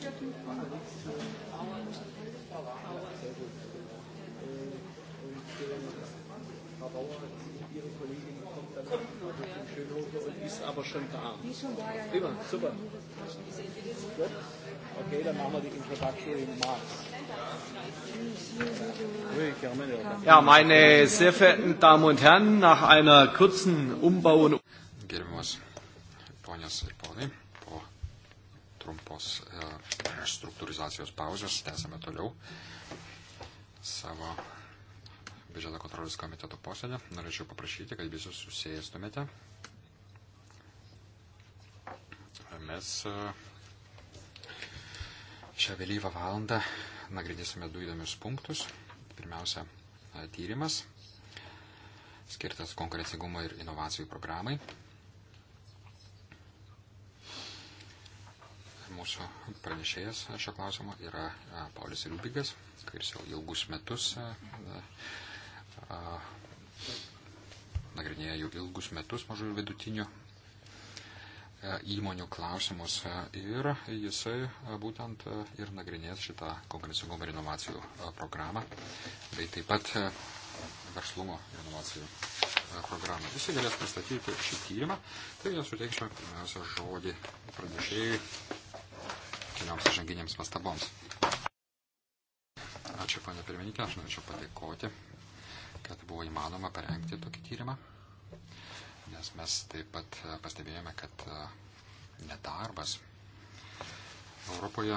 Frau Bauer, Ihre Kollegin kommt dann kommt noch, ja. in Schönhofer und ist aber schon da. Die schon da, ja. Prima, ja. super. Gut. Okay, dann machen wir die Introduction im Marx. Ja, meine sehr verehrten Damen und Herren, nach einer kurzen Umbau und Gerbiamas ponios ir ponai, trumpos e, struktūrizacijos pauzės. Tęsame toliau savo biudžeto kontrolės komiteto posėdį. Norėčiau paprašyti, kad visus susijęstumėte. Mes e, šią vėlyvą valandą nagrinėsime du įdomius punktus. Pirmiausia, e, tyrimas skirtas konkurencingumo ir inovacijų programai. mūsų pranešėjas šio klausimo yra e, Paulius Rubigas, kuris jau ilgus metus e, e, nagrinėja jau ilgus metus mažų ir vidutinių įmonių klausimus ir jisai būtent ir nagrinės šitą konkurencingumo ir inovacijų programą, bei taip pat verslumo ir inovacijų programą. Jisai galės pristatyti šį tyrimą, tai mes suteiksime pirmiausia žodį pranešėjui kelioms įžanginėms pastaboms. Ačiū, ponė pirmininkė, aš norėčiau padėkoti, kad buvo įmanoma parengti tokį tyrimą, nes mes taip pat e, pastebėjome, kad e, nedarbas Europoje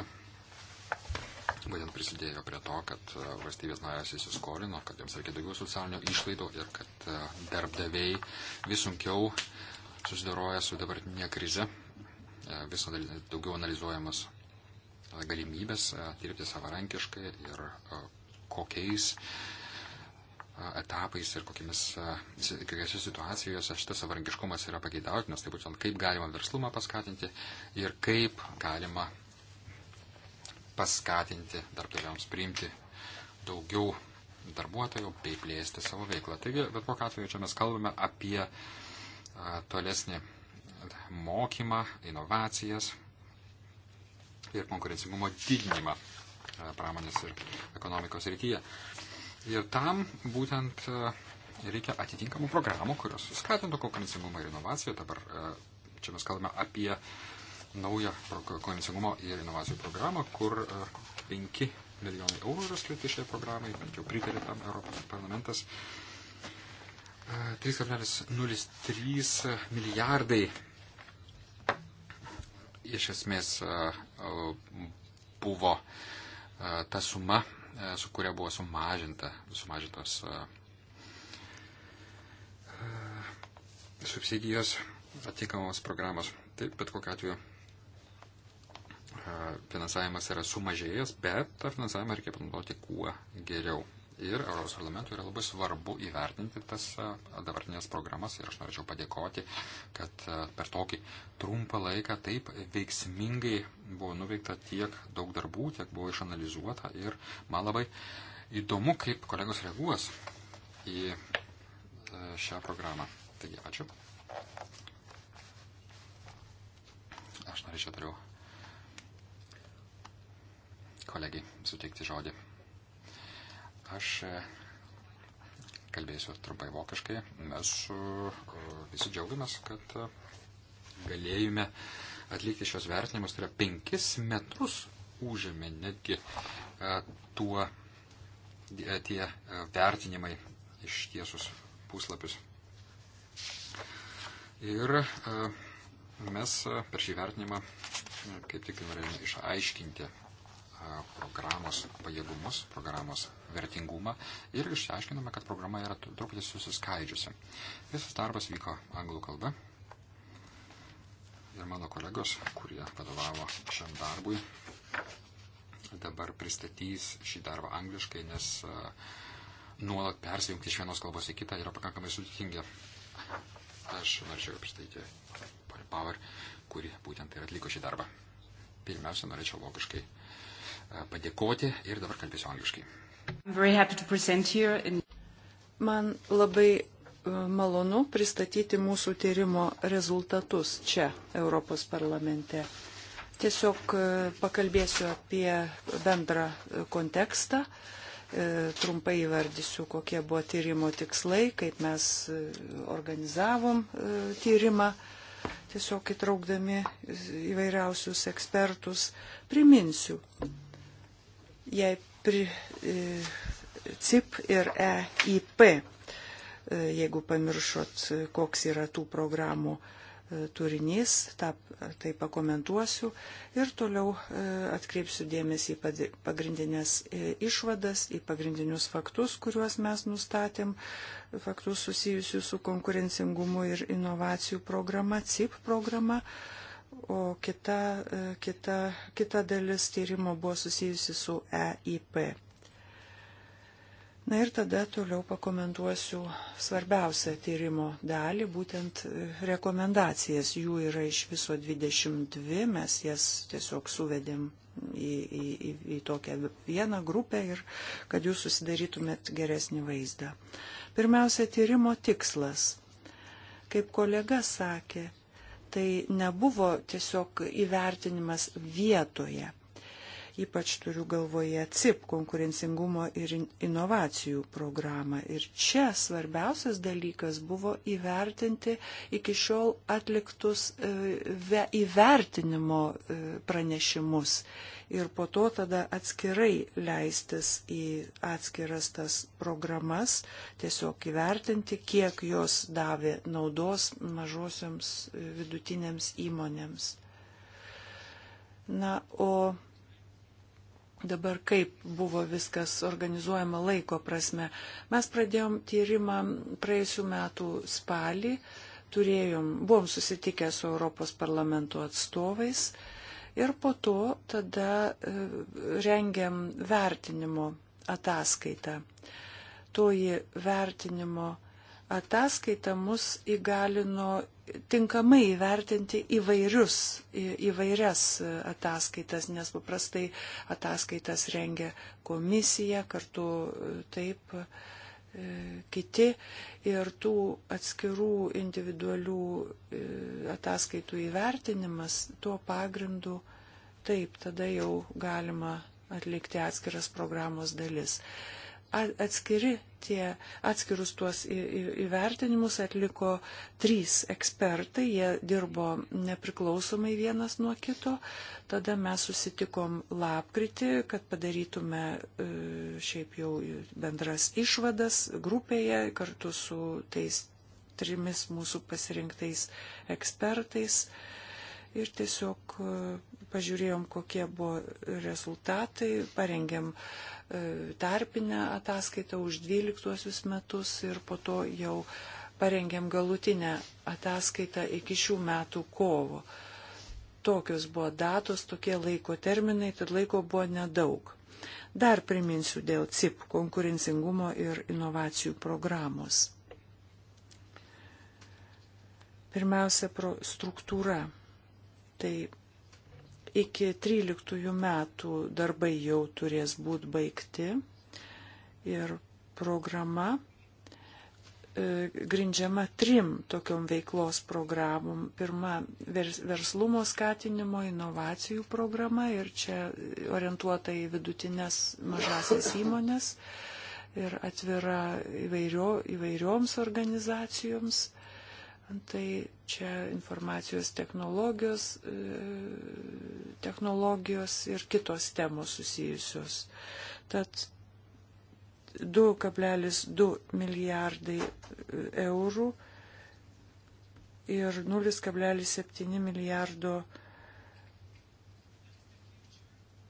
būtent prisidėjo prie to, kad e, valstybės narės įsiskolino, kad jiems reikia daugiau socialinio išlaidų ir kad darbdaviai vis sunkiau susidoroja su dabartinė krize, vis daugiau analizuojamas galimybės dirbti savarankiškai ir kokiais etapais ir kokiamis, kokiose situacijose šitas savarankiškumas yra pageidautinas, tai būtent kaip galima verslumą paskatinti ir kaip galima paskatinti darbdaviams priimti daugiau darbuotojų bei plėsti savo veiklą. Taigi, bet kokiu atveju čia mes kalbame apie a, tolesnį mokymą, inovacijas, ir konkurencingumo didinimą e, pramonės ir ekonomikos rytyje. Ir tam būtent e, reikia atitinkamų programų, kurios skatintų konkurencingumą ir inovaciją. Dabar e, čia mes kalbame apie naują konkurencingumo ir inovacijų programą, kur 5 milijonai eurų yra skirti šiai programai, bent jau pritarė tam Europos parlamentas. 3,03 milijardai iš esmės buvo ta suma, su kuria buvo sumažinta, sumažintos subsidijos atitinkamos programos. Taip, bet kokiu atveju finansavimas yra sumažėjęs, bet tą finansavimą reikia panaudoti kuo geriau. Ir Europos parlamentui yra labai svarbu įvertinti tas dabartinės programas ir aš norėčiau padėkoti, kad per tokį trumpą laiką taip veiksmingai buvo nuveikta tiek daug darbų, tiek buvo išanalizuota ir man labai įdomu, kaip kolegos reaguos į e, šią programą. Taigi, ačiū. Aš norėčiau toliau kolegai suteikti žodį. Aš e, kalbėsiu trumpai vokiškai. Mes e, visi džiaugiamės, kad e, galėjome atlikti šios vertinimus. Tai yra penkis metrus užėmė netgi tuo tie vertinimai iš tiesus puslapius. Ir mes per šį vertinimą kaip tik norėjome išaiškinti programos pajėgumus, programos vertingumą ir išsiaiškinome, kad programa yra truputį susiskaidžiusi. Visas darbas vyko anglų kalba ir mano kolegos, kurie vadovavo šiam darbui, dabar pristatys šį darbą angliškai, nes nuolat persijungti iš vienos kalbos į kitą yra pakankamai sudėtinga. Aš norėčiau pristatyti Power, kuri būtent ir atliko šį darbą. Pirmiausia, norėčiau logiškai padėkoti ir dabar kalbėsiu angliškai. Man labai e, malonu pristatyti mūsų tyrimo rezultatus čia, Europos parlamente. Tiesiog e, pakalbėsiu apie bendrą e, kontekstą, trumpai įvardysiu, kokie buvo tyrimo tikslai, kaip mes organizavom tyrimą, tiesiog įtraukdami įvairiausius ekspertus. Priminsiu, jei pri, e, CIP ir EIP, e, jeigu pamiršot, koks yra tų programų e, turinys, tą, tai pakomentuosiu ir toliau atkreipsiu dėmesį į pagrindinės išvadas, į pagrindinius faktus, kuriuos mes nustatėm, faktus susijusius su konkurencingumu ir inovacijų programa, CIP programa. programa o kita, e, kita, kita dalis tyrimo buvo susijusi su EIP. Na ir tada toliau pakomentuosiu svarbiausią tyrimo dalį, būtent e, rekomendacijas. Jų yra iš viso 22, mes jas tiesiog suvedėm į, į, į, į tokią vieną grupę ir kad jūs susidarytumėt geresnį vaizdą. Pirmiausia, tyrimo tikslas. Kaip kolega sakė, tai nebuvo tiesiog įvertinimas vietoje. Ypač turiu galvoje CIP konkurencingumo ir inovacijų programą. Ir čia svarbiausias dalykas buvo įvertinti iki šiol atliktus e, įvertinimo e, pranešimus ir po to tada atskirai leistis į atskiras tas programas, tiesiog įvertinti, kiek jos davė naudos mažosiams e, vidutinėms įmonėms. Na, o dabar kaip buvo viskas organizuojama laiko prasme. Mes pradėjom tyrimą praėjusiu metu spalį, turėjom, buvom susitikę su Europos parlamento atstovais ir po to tada e, rengiam vertinimo ataskaitą. Toji vertinimo ataskaita mus įgalino tinkamai įvertinti įvairius, įvairias ataskaitas, nes paprastai ataskaitas rengia komisija, kartu taip e, kiti ir tų atskirų individualių e, ataskaitų įvertinimas tuo pagrindu taip tada jau galima atlikti atskiras programos dalis atskiri tie atskirus tuos įvertinimus atliko trys ekspertai, jie dirbo nepriklausomai vienas nuo kito. Tada mes susitikom lapkritį, kad padarytume e, šiaip jau bendras išvadas grupėje kartu su tais trimis mūsų pasirinktais ekspertais. Uh, ir tiesiog e, pažiūrėjom, kokie buvo rezultatai, parengėm e, tarpinę ataskaitą už 12 metus ir po to jau parengėm galutinę ataskaitą iki šių metų kovo. Tokios buvo datos, tokie laiko terminai, tad laiko buvo nedaug. Dar priminsiu dėl CIP konkurencingumo ir inovacijų programos. Pirmiausia, pro struktūra Tai iki 13 metų darbai jau turės būti baigti ir programa e, grindžiama trim tokiom veiklos programom. Pirma - verslumo skatinimo, inovacijų programa ir čia orientuota į vidutinės mažasias įmonės ir atvira įvairio, įvairioms organizacijoms tai čia informacijos technologijos, e, technologijos ir kitos temos susijusios. Tad 2,2 milijardai e, eurų ir 0,7 milijardo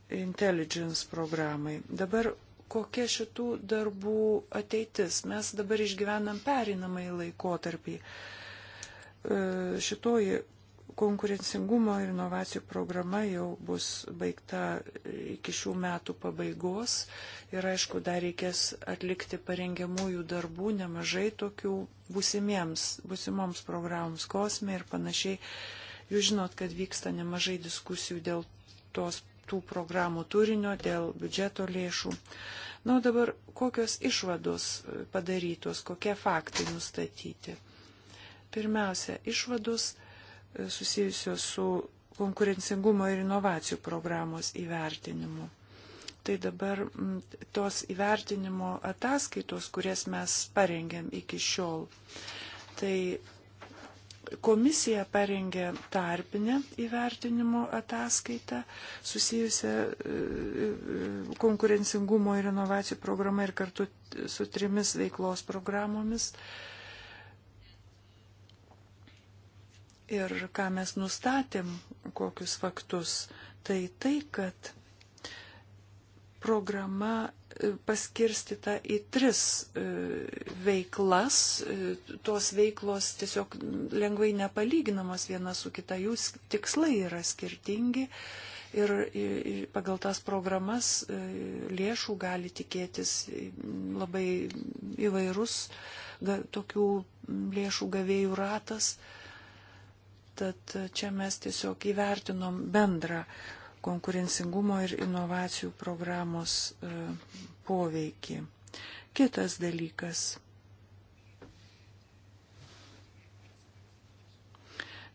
intelligence programai. Dabar kokia šitų darbų ateitis? Mes dabar išgyvenam perinamąjį laikotarpį. Uh, E, šitoji konkurencingumo ir inovacijų programa jau bus baigta iki šių metų pabaigos ir aišku, dar reikės atlikti parengiamųjų darbų nemažai tokių busimiems, busimoms programoms kosmė ir panašiai. Jūs žinot, kad vyksta nemažai diskusijų dėl tos tų programų turinio, dėl biudžeto lėšų. Na, o dabar kokios išvados padarytos, kokie faktai nustatyti. Pirmiausia, išvados e, susijusios su konkurencingumo ir inovacijų programos įvertinimu. Tai dabar tos įvertinimo ataskaitos, kurias mes parengėm iki šiol, tai komisija parengė tarpinę įvertinimo ataskaitą susijusią e, e, konkurencingumo ir inovacijų programą ir kartu su trimis veiklos programomis. E, ir ką mes nustatėm, kokius faktus, tai tai, kad programa e, paskirstita į tris e, veiklas. E, tos veiklos tiesiog lengvai nepalyginamos viena su kita, jų tikslai yra skirtingi ir pagal tas programas lėšų gali tikėtis labai įvairus tokių lėšų gavėjų ratas. Tad čia mes tiesiog įvertinom bendrą konkurencingumo ir inovacijų programos e, poveikį. Kitas dalykas.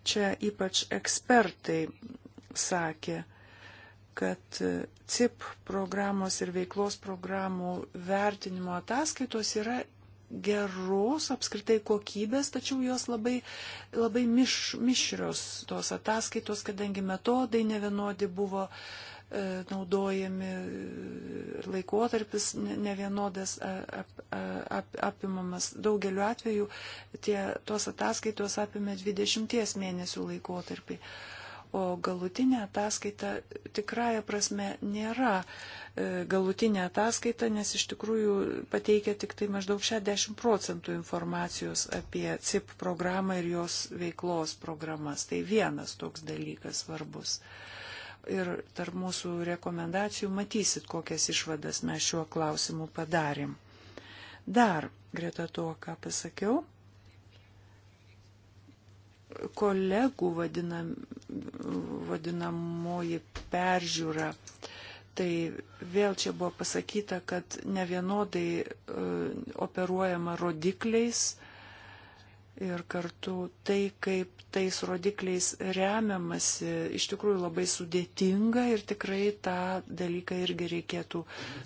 Čia ypač ekspertai sakė, kad CIP programos ir veiklos programų vertinimo ataskaitos yra geros apskritai kokybės, tačiau jos labai, labai miš, mišrios tos ataskaitos, kadangi metodai nevienodi buvo e, naudojami ir e, laikotarpis nevienodas ap, ap, apimamas. Daugeliu atveju tie, tos ataskaitos apima 20 mėnesių laikotarpį. E, o galutinė ataskaita tikrąją prasme nėra e, galutinė ataskaita, nes iš tikrųjų pateikia tik tai maždaug 60 procentų informacijos apie CIP programą ir jos veiklos programas. Tai vienas toks dalykas svarbus. Ir tarp mūsų rekomendacijų matysit, kokias išvadas mes šiuo klausimu padarėm. Dar greta to, ką pasakiau, kolegų vadinam, vadinamoji peržiūra. Tai vėl čia buvo pasakyta, kad nevienodai e, operuojama rodikliais ir kartu tai, kaip tais rodikliais remiamasi, iš tikrųjų labai sudėtinga ir tikrai tą dalyką irgi reikėtų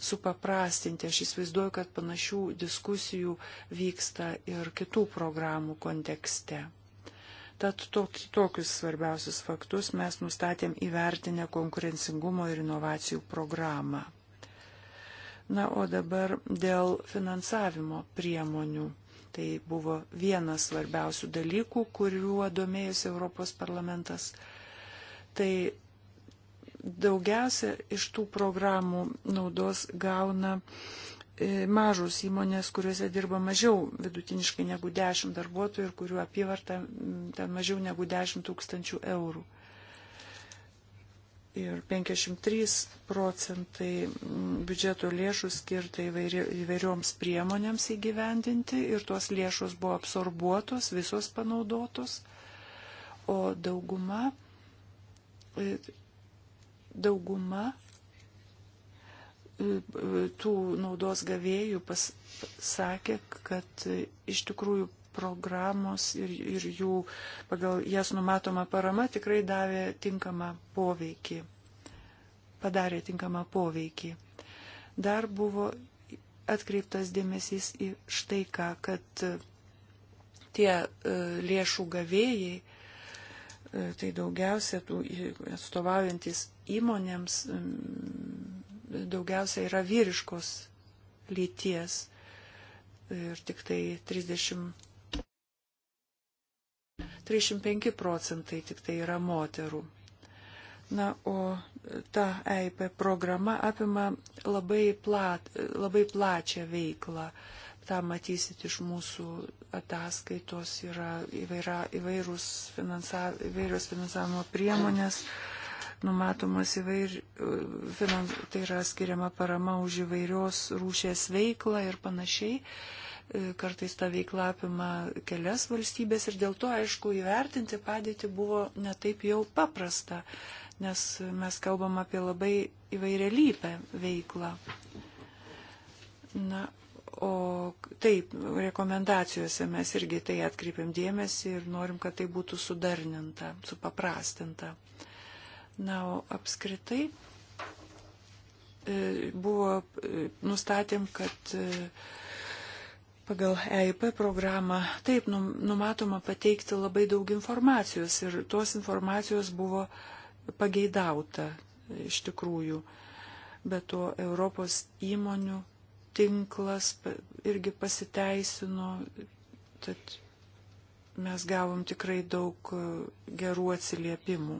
supaprastinti. Aš įsivaizduoju, kad panašių diskusijų vyksta ir kitų programų kontekste. Tad tokius svarbiausius faktus mes nustatėm įvertinę konkurencingumo ir inovacijų programą. Na, o dabar dėl finansavimo priemonių. Tai buvo vienas svarbiausių dalykų, kuriuo domėjusi Europos parlamentas. Tai daugiausia iš tų programų naudos gauna uh, E, mažos įmonės, kuriuose dirba mažiau vidutiniškai negu 10 darbuotojų ir kurių apyvarta ten mažiau negu 10 tūkstančių eurų. Ir 53 procentai biudžeto lėšų skirta įvairioms priemonėms įgyvendinti ir tuos lėšos buvo absorbuotos, visos panaudotos, o dauguma, e, dauguma tų naudos gavėjų pasakė, kad iš tikrųjų programos ir, ir jų pagal jas numatoma parama tikrai davė tinkamą poveikį, padarė tinkamą poveikį. Dar buvo atkreiptas dėmesys į štai ką, kad tie e, lėšų gavėjai, e, tai daugiausia tų e, atstovaujantis įmonėms daugiausia yra vyriškos lyties. Ir tik tai 30, 35 procentai tik tai yra moterų. Na, o ta EIP programa apima labai, plat, labai plačią veiklą. Ta matysit iš mūsų ataskaitos yra įvaira, įvairūs, finansav, įvairios finansavimo priemonės. Mm numatomas įvair, finans, tai yra skiriama parama už įvairios rūšės veiklą ir panašiai. E, kartais ta veikla apima kelias valstybės ir dėl to, aišku, įvertinti padėtį buvo netaip jau paprasta, nes mes kalbam apie labai įvairialypę veiklą. Na, O taip, rekomendacijose mes irgi tai atkreipiam dėmesį ir norim, kad tai būtų sudarninta, supaprastinta. Na, o apskritai e, buvo e, nustatėm, kad e, pagal EIP programą taip numatoma pateikti labai daug informacijos ir tos informacijos buvo pageidauta iš tikrųjų. Bet to Europos įmonių tinklas irgi pasiteisino, tad mes gavom tikrai daug e, gerų atsiliepimų.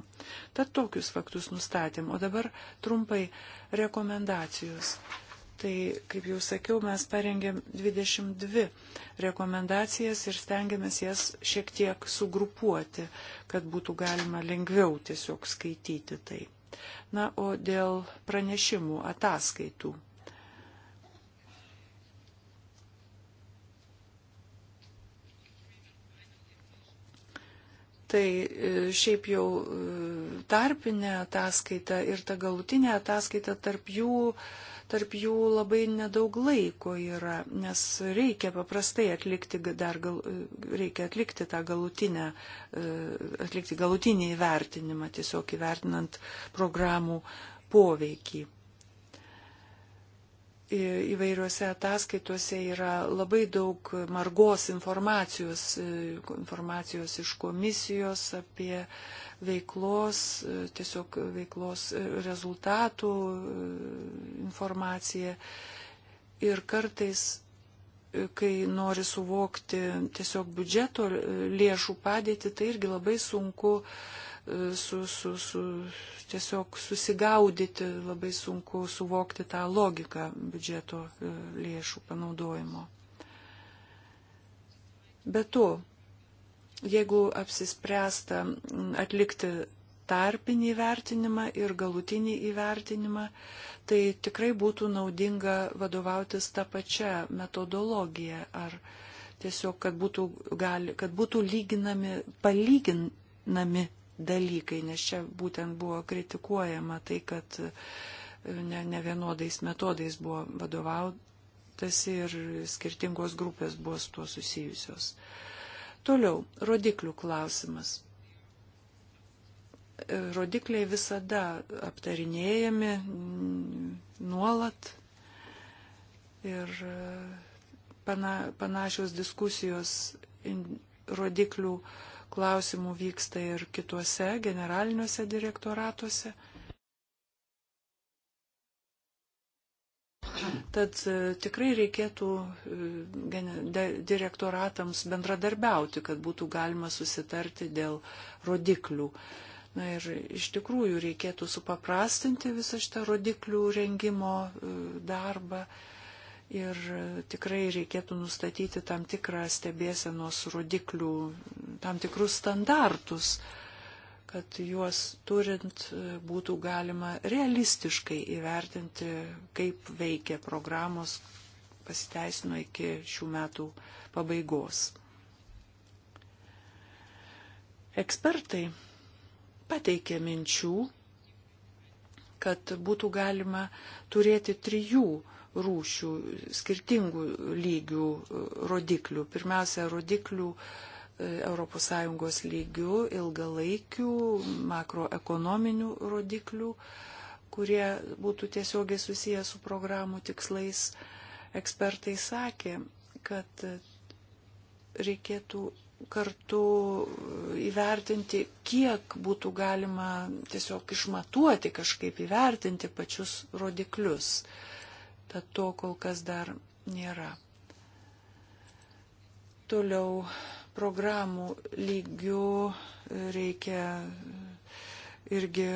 Tad tokius faktus nustatėm. O dabar trumpai rekomendacijos. Tai, kaip jau sakiau, mes parengėm 22 rekomendacijas ir stengiamės jas šiek tiek sugrupuoti, kad būtų galima lengviau tiesiog skaityti tai. Na, o dėl pranešimų, ataskaitų. Tai e, šiaip jau e, tarpinė ataskaita ir ta galutinė ataskaita tarp jų, tarp jų labai nedaug laiko yra, nes reikia paprastai atlikti, dar gal, e, reikia atlikti tą galutinę, atlikti galutinį įvertinimą, tiesiog įvertinant programų poveikį įvairiuose ataskaituose yra labai daug margos informacijos, e, informacijos iš komisijos apie veiklos, e, tiesiog veiklos rezultatų e, informaciją. Ir kartais, kai nori suvokti tiesiog biudžeto lėšų padėti, tai irgi labai sunku uh, E, su, su, su, tiesiog susigaudyti, labai sunku suvokti tą logiką biudžeto e, lėšų panaudojimo. Be to, jeigu apsispręsta atlikti tarpinį įvertinimą ir galutinį įvertinimą, tai tikrai būtų naudinga vadovautis tą pačią metodologiją ar tiesiog, kad būtų, gali, kad būtų lyginami, palyginami dalykai, nes čia būtent buvo kritikuojama tai, kad e, ne, ne vienodais metodais buvo vadovautasi ir skirtingos grupės buvo su tuo susijusios. Toliau, rodiklių klausimas. E, rodikliai visada aptarinėjami nuolat ir e, pana, panašios diskusijos rodiklių uh, klausimų vyksta ir kituose generaliniuose direktoratuose. Tad e, tikrai reikėtų e, direktoratams bendradarbiauti, kad būtų galima susitarti dėl rodiklių. Na ir iš tikrųjų reikėtų supaprastinti visą šitą rodiklių rengimo e, darbą. Uh, Ir tikrai reikėtų nustatyti tam tikrą stebėsenos rodiklių, tam tikrus standartus, kad juos turint būtų galima realistiškai įvertinti, kaip veikia programos pasiteisino iki šių metų pabaigos. Ekspertai pateikė minčių, kad būtų galima turėti trijų rūšių, skirtingų lygių e, rodiklių. Pirmiausia, rodiklių ES lygių, ilgalaikių, makroekonominių rodiklių, kurie būtų tiesiogiai susiję su programų tikslais. Ekspertai sakė, kad reikėtų kartu e, įvertinti, kiek būtų galima tiesiog išmatuoti, kažkaip įvertinti pačius rodiklius. Uh, tad to kol kas dar nėra. Toliau programų lygių reikia irgi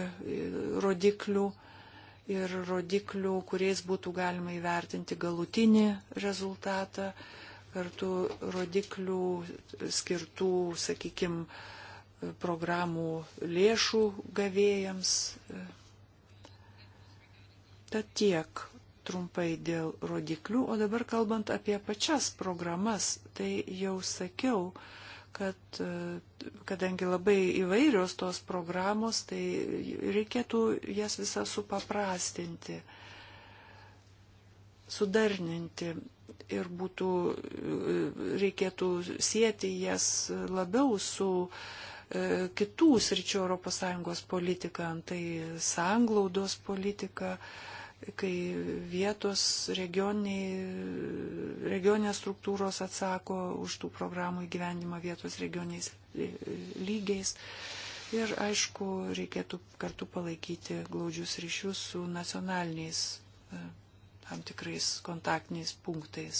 rodiklių ir rodiklių, kuriais būtų galima įvertinti galutinį rezultatą, kartu rodiklių skirtų, sakykime, programų lėšų gavėjams. Tad tiek trumpai dėl rodiklių, o dabar kalbant apie pačias programas, tai jau sakiau, kad kadangi labai įvairios tos programos, tai reikėtų jas visą supaprastinti, sudarninti ir būtų, reikėtų sieti jas labiau su e, kitų sričių ES politika, tai sanglaudos politika, kai vietos regioninės struktūros atsako už tų programų įgyvendimą vietos regioniais lygiais. Ir aišku, reikėtų kartu palaikyti glaudžius ryšius su nacionaliniais e, tam tikrais kontaktiniais punktais.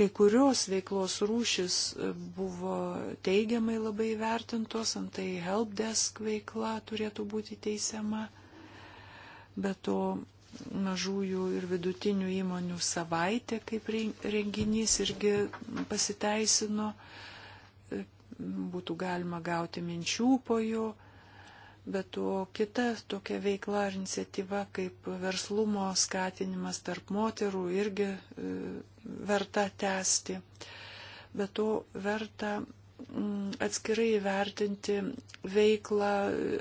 Kai kurios veiklos rūšis e, buvo teigiamai labai vertintos, antai helpdesk veikla turėtų būti teisiama, bet to mažųjų ir vidutinių įmonių savaitė kaip renginys irgi pasiteisino, e, būtų galima gauti minčių po jo, bet to kita tokia veikla ar iniciatyva kaip verslumo skatinimas tarp moterų irgi e, verta tęsti. Bet to verta mm, atskirai įvertinti veiklą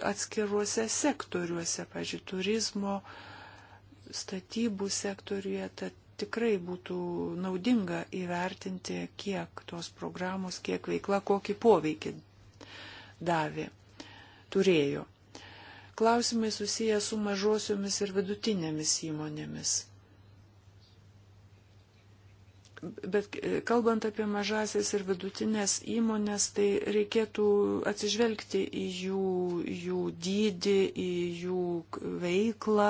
atskiruose sektoriuose, pažiūrėjau, turizmo, statybų sektoriuje, tad tikrai būtų naudinga įvertinti, kiek tos programos, kiek veikla, kokį poveikį davė, turėjo. Klausimai susiję su mažosiomis ir vidutinėmis įmonėmis. Bet e, kalbant apie mažasis ir vidutinės įmonės, tai reikėtų atsižvelgti į jų, jų dydį, į jų veiklą,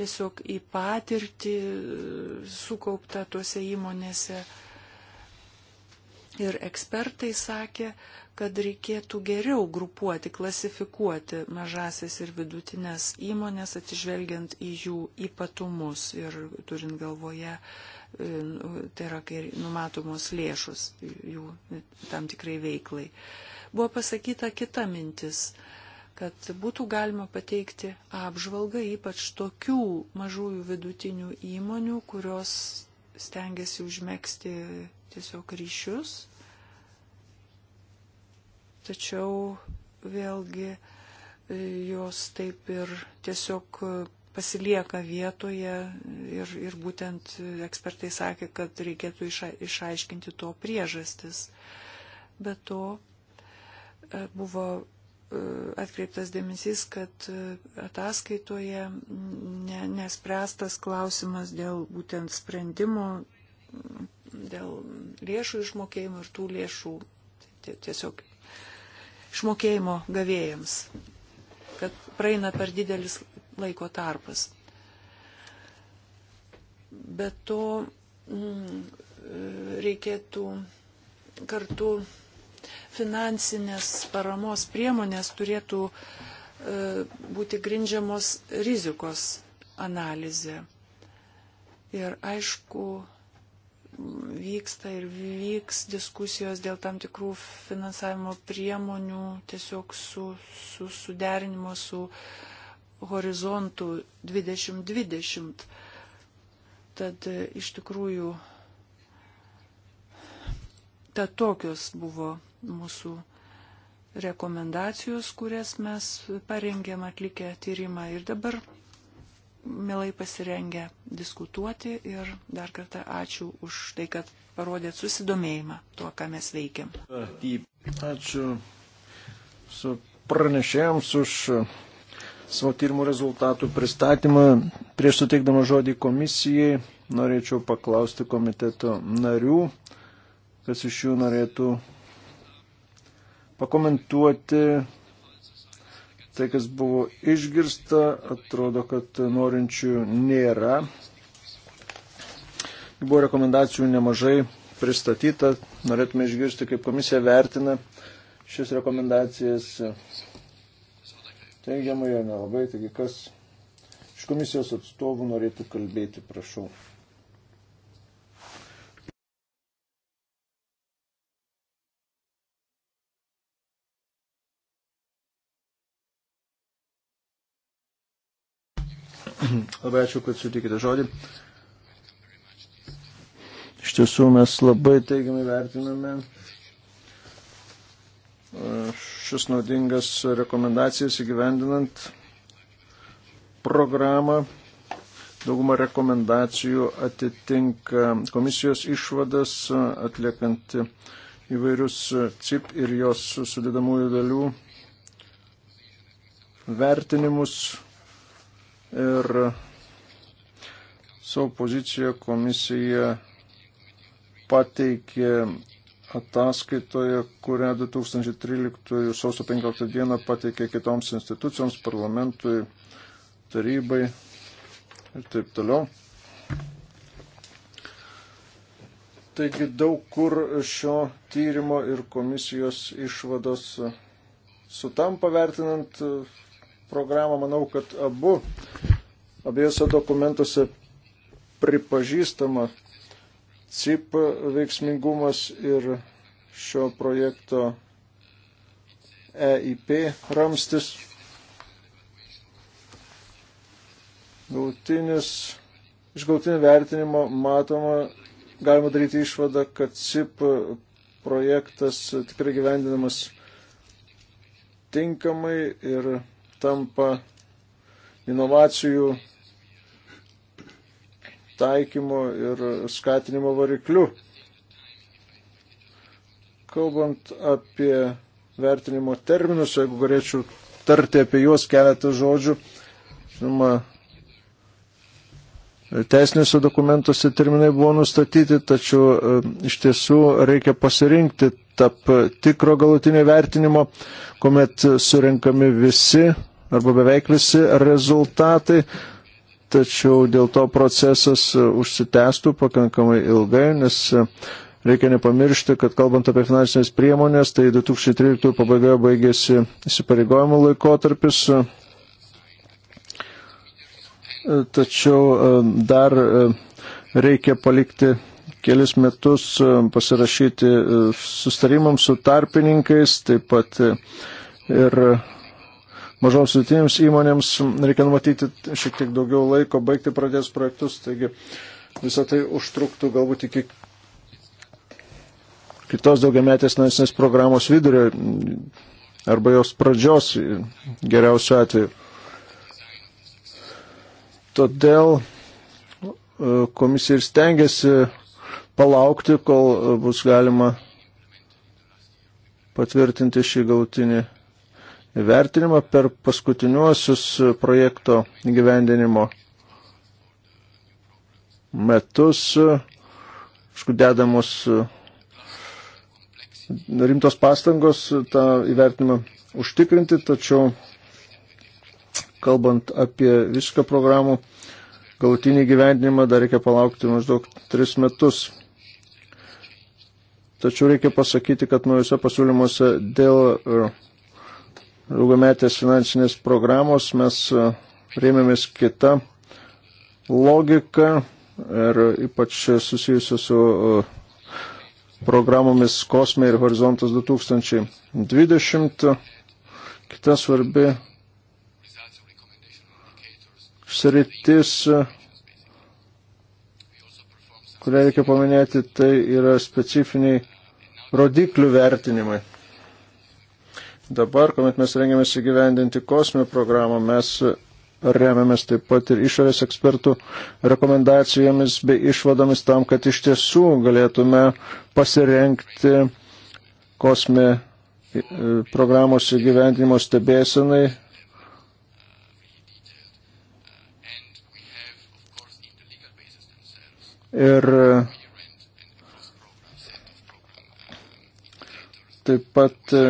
tiesiog į patirtį e, sukauptą tuose įmonėse. Uh, Ir ekspertai sakė, kad reikėtų geriau grupuoti, klasifikuoti mažasis ir vidutinės įmonės, atsižvelgiant į jų ypatumus ir turint galvoje, e, nu, tai yra, kai numatomos lėšus jų tam tikrai veiklai. Buvo pasakyta kita mintis kad būtų galima pateikti apžvalgą ypač tokių mažųjų vidutinių įmonių, kurios stengiasi užmėgsti tiesiog ryšius. Tačiau vėlgi e, jos taip ir tiesiog e, pasilieka vietoje ir, ir būtent ekspertai sakė, kad reikėtų iša, išaiškinti to priežastis. Be to e, buvo atkreiptas dėmesys, kad ataskaitoje ne, nespręstas klausimas dėl būtent sprendimo dėl lėšų išmokėjimo ir tų lėšų tiesiog išmokėjimo gavėjams, kad praeina per didelis laiko tarpas. Bet to mm, reikėtų kartu finansinės paramos priemonės turėtų e, būti grindžiamos rizikos analizė. Ir aišku, vyksta ir vyks diskusijos dėl tam tikrų finansavimo priemonių, tiesiog su, su suderinimo su horizontu 2020. Tad e, iš tikrųjų, tad tokios buvo mūsų rekomendacijos, kurias mes parengėm atlikę tyrimą. Ir dabar mielai pasirengę diskutuoti ir dar kartą ačiū už tai, kad parodėt susidomėjimą tuo, ką mes veikiam. Ačiū su pranešėjams už savo tyrimų rezultatų pristatymą. Prieš suteikdama žodį komisijai norėčiau paklausti komiteto narių, kas iš jų norėtų pakomentuoti tai, kas buvo išgirsta, atrodo, kad norinčių nėra. Buvo rekomendacijų nemažai pristatyta. Norėtume išgirsti, kaip komisija vertina šis rekomendacijas. Teigiamai, nelabai, taigi kas iš komisijos atstovų norėtų kalbėti, prašau. Labai ačiū, kad sutikite žodį. Iš tiesų mes labai teigiamai vertiname e, šis naudingas rekomendacijas įgyvendinant programą. Dauguma rekomendacijų atitinka komisijos išvadas atliekant įvairius CIP ir jos sudėdamųjų dalių vertinimus ir savo poziciją komisija pateikė ataskaitoje, kurią 2013 sausio 15 dieną pateikė kitoms institucijoms, parlamentui, tarybai ir taip toliau. Taigi daug kur šio tyrimo ir komisijos išvados sutampa vertinant programą, manau, kad abu, abiejose dokumentuose pripažįstama CIP veiksmingumas ir šio projekto EIP ramstis. Gautinis, iš gautinio vertinimo matoma, galima daryti išvadą, kad CIP projektas tikrai gyvendinamas tinkamai ir tampa inovacijų taikymo ir skatinimo varikliu. Kalbant apie vertinimo terminus, jeigu galėčiau tarti apie juos keletą žodžių, žinoma, teisinėse dokumentuose terminai buvo nustatyti, tačiau e, iš tiesų reikia pasirinkti tarp tikro galutinio vertinimo, kuomet surinkami visi arba beveik visi rezultatai, tačiau dėl to procesas e, užsitęstų pakankamai ilgai, nes e, reikia nepamiršti, kad kalbant apie finansinės priemonės, tai 2013 pabaigoje baigėsi įsipareigojimo laikotarpis, e, tačiau dar reikia palikti kelis metus pasirašyti sustarimams su tarpininkais, taip pat ir mažoms sutinėms įmonėms reikia numatyti šiek tiek daugiau laiko baigti pradės projektus, taigi visą tai užtruktų galbūt iki kitos daugiametės nacinės programos vidurio arba jos pradžios geriausiu atveju. Todėl e, komisija ir stengiasi palaukti, kol bus galima patvirtinti šį gautinį vertinimą per paskutiniuosius projekto gyvendinimo metus, aišku, dedamos rimtos pastangos tą įvertinimą užtikrinti, tačiau kalbant apie viską programų galutinį gyvendinimą dar reikia palaukti maždaug 3 metus. Tačiau reikia pasakyti, kad naujose pasiūlymuose dėl daugiametės finansinės programos mes e, rėmėmės kitą logiką ir ypač susijusiu su e, programomis Kosme ir Horizontas 2020. Kita svarbi sritis, kurią reikia paminėti, tai yra specifiniai rodiklių vertinimai. Dabar, kuomet mes rengiamės įgyvendinti kosminę programą, mes remiamės taip pat ir išorės ekspertų rekomendacijomis bei išvadomis tam, kad iš tiesų galėtume pasirenkti kosminę e, programos įgyvendinimo stebėsinai Ir e, taip pat e,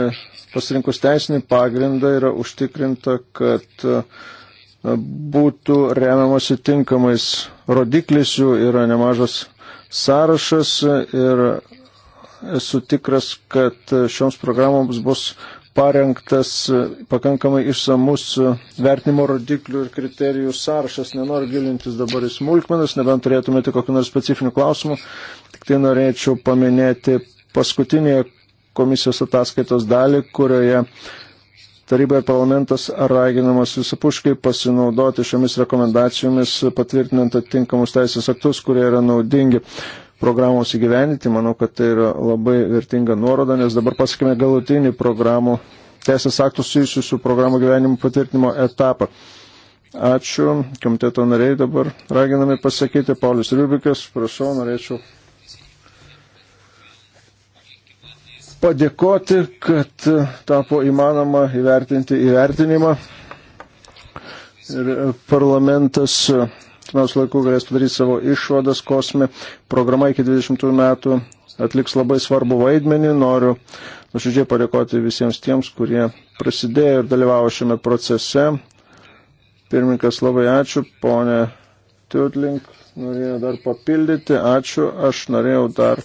pasirinkus teisinį pagrindą yra užtikrinta, kad e, būtų remiamasi tinkamais rodiklis, jų yra nemažas sąrašas ir esu tikras, kad šioms programoms bus parengtas pakankamai išsamus vertinimo rodiklių ir kriterijų sąrašas. Nenoriu gilintis dabar į smulkmenas, nebent turėtumėte kokiu nors specifiniu klausimu. Tik tai norėčiau paminėti paskutinėje komisijos ataskaitos dalį, kurioje taryba ir parlamentas raginamas visapuškai pasinaudoti šiomis rekomendacijomis, patvirtinant atitinkamus teisės aktus, kurie yra naudingi programos įgyveninti. Manau, kad tai yra labai vertinga nuoroda, nes dabar pasakime galutinį programų, teisės aktų susijusių su programų gyvenimo patvirtinimo etapą. Ačiū. Komiteto nariai dabar raginami pasakyti. Paulius Riubikas, prašau, norėčiau padėkoti, kad e, tapo įmanoma įvertinti įvertinimą. Ir e, parlamentas finansų e, laikų galės padaryti savo išvadas kosme. Programa iki 20 metų atliks labai svarbu vaidmenį. Noriu nuoširdžiai padėkoti visiems tiems, kurie prasidėjo ir dalyvavo šiame procese. Pirmininkas labai ačiū, ponė Tudlink norėjo dar papildyti. Ačiū, aš norėjau dar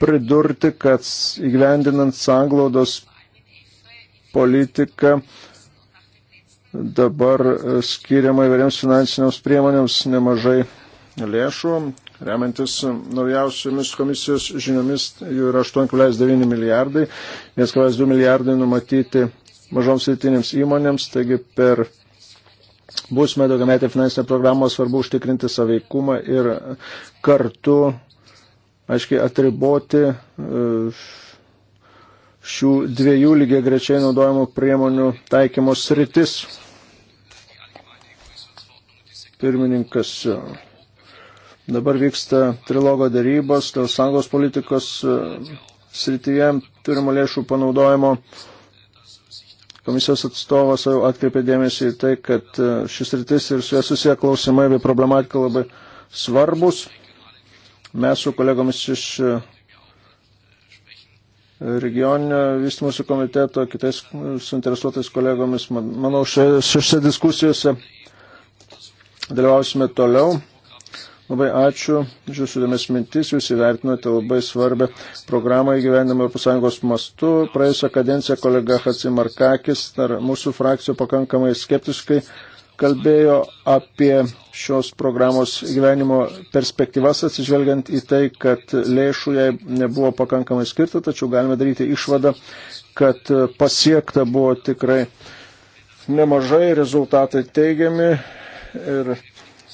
pridurti, kad įgyvendinant sanglaudos politiką dabar skiriama įvairiams finansiniams priemonėms nemažai lėšų. Remiantis naujausiomis komisijos žiniomis, jų yra 8,9 milijardai, 1,2 milijardai numatyti mažoms rytinėms įmonėms, taigi per būsime daugiametę finansinę programą svarbu užtikrinti saveikumą ir kartu aiškiai atriboti e, šių dviejų lygiai grečiai naudojamų priemonių taikymos sritis. Pirmininkas. E, dabar vyksta trilogo darybos dėl sąjungos politikos e, srityje turimo lėšų panaudojimo. Komisijos atstovas jau atkreipė dėmesį į tai, kad šis rytis ir su jie susiję klausimai bei problematika labai svarbus. Mes su kolegomis iš e, regioninio vystymosi komiteto, kitais suinteresuotais kolegomis, manau, šiose diskusijose dalyvausime toliau. Labai ačiū, jūsų dėmes mintis, jūs įvertinote labai svarbę programą įgyvendimą ES mastu. Praėjusią kadenciją kolega Hatsimarkakis, ar mūsų frakcija pakankamai skeptiškai kalbėjo apie šios programos gyvenimo perspektyvas, atsižvelgiant į tai, kad lėšų jai nebuvo pakankamai skirta, tačiau galime daryti išvadą, kad pasiekta buvo tikrai nemažai, rezultatai teigiami ir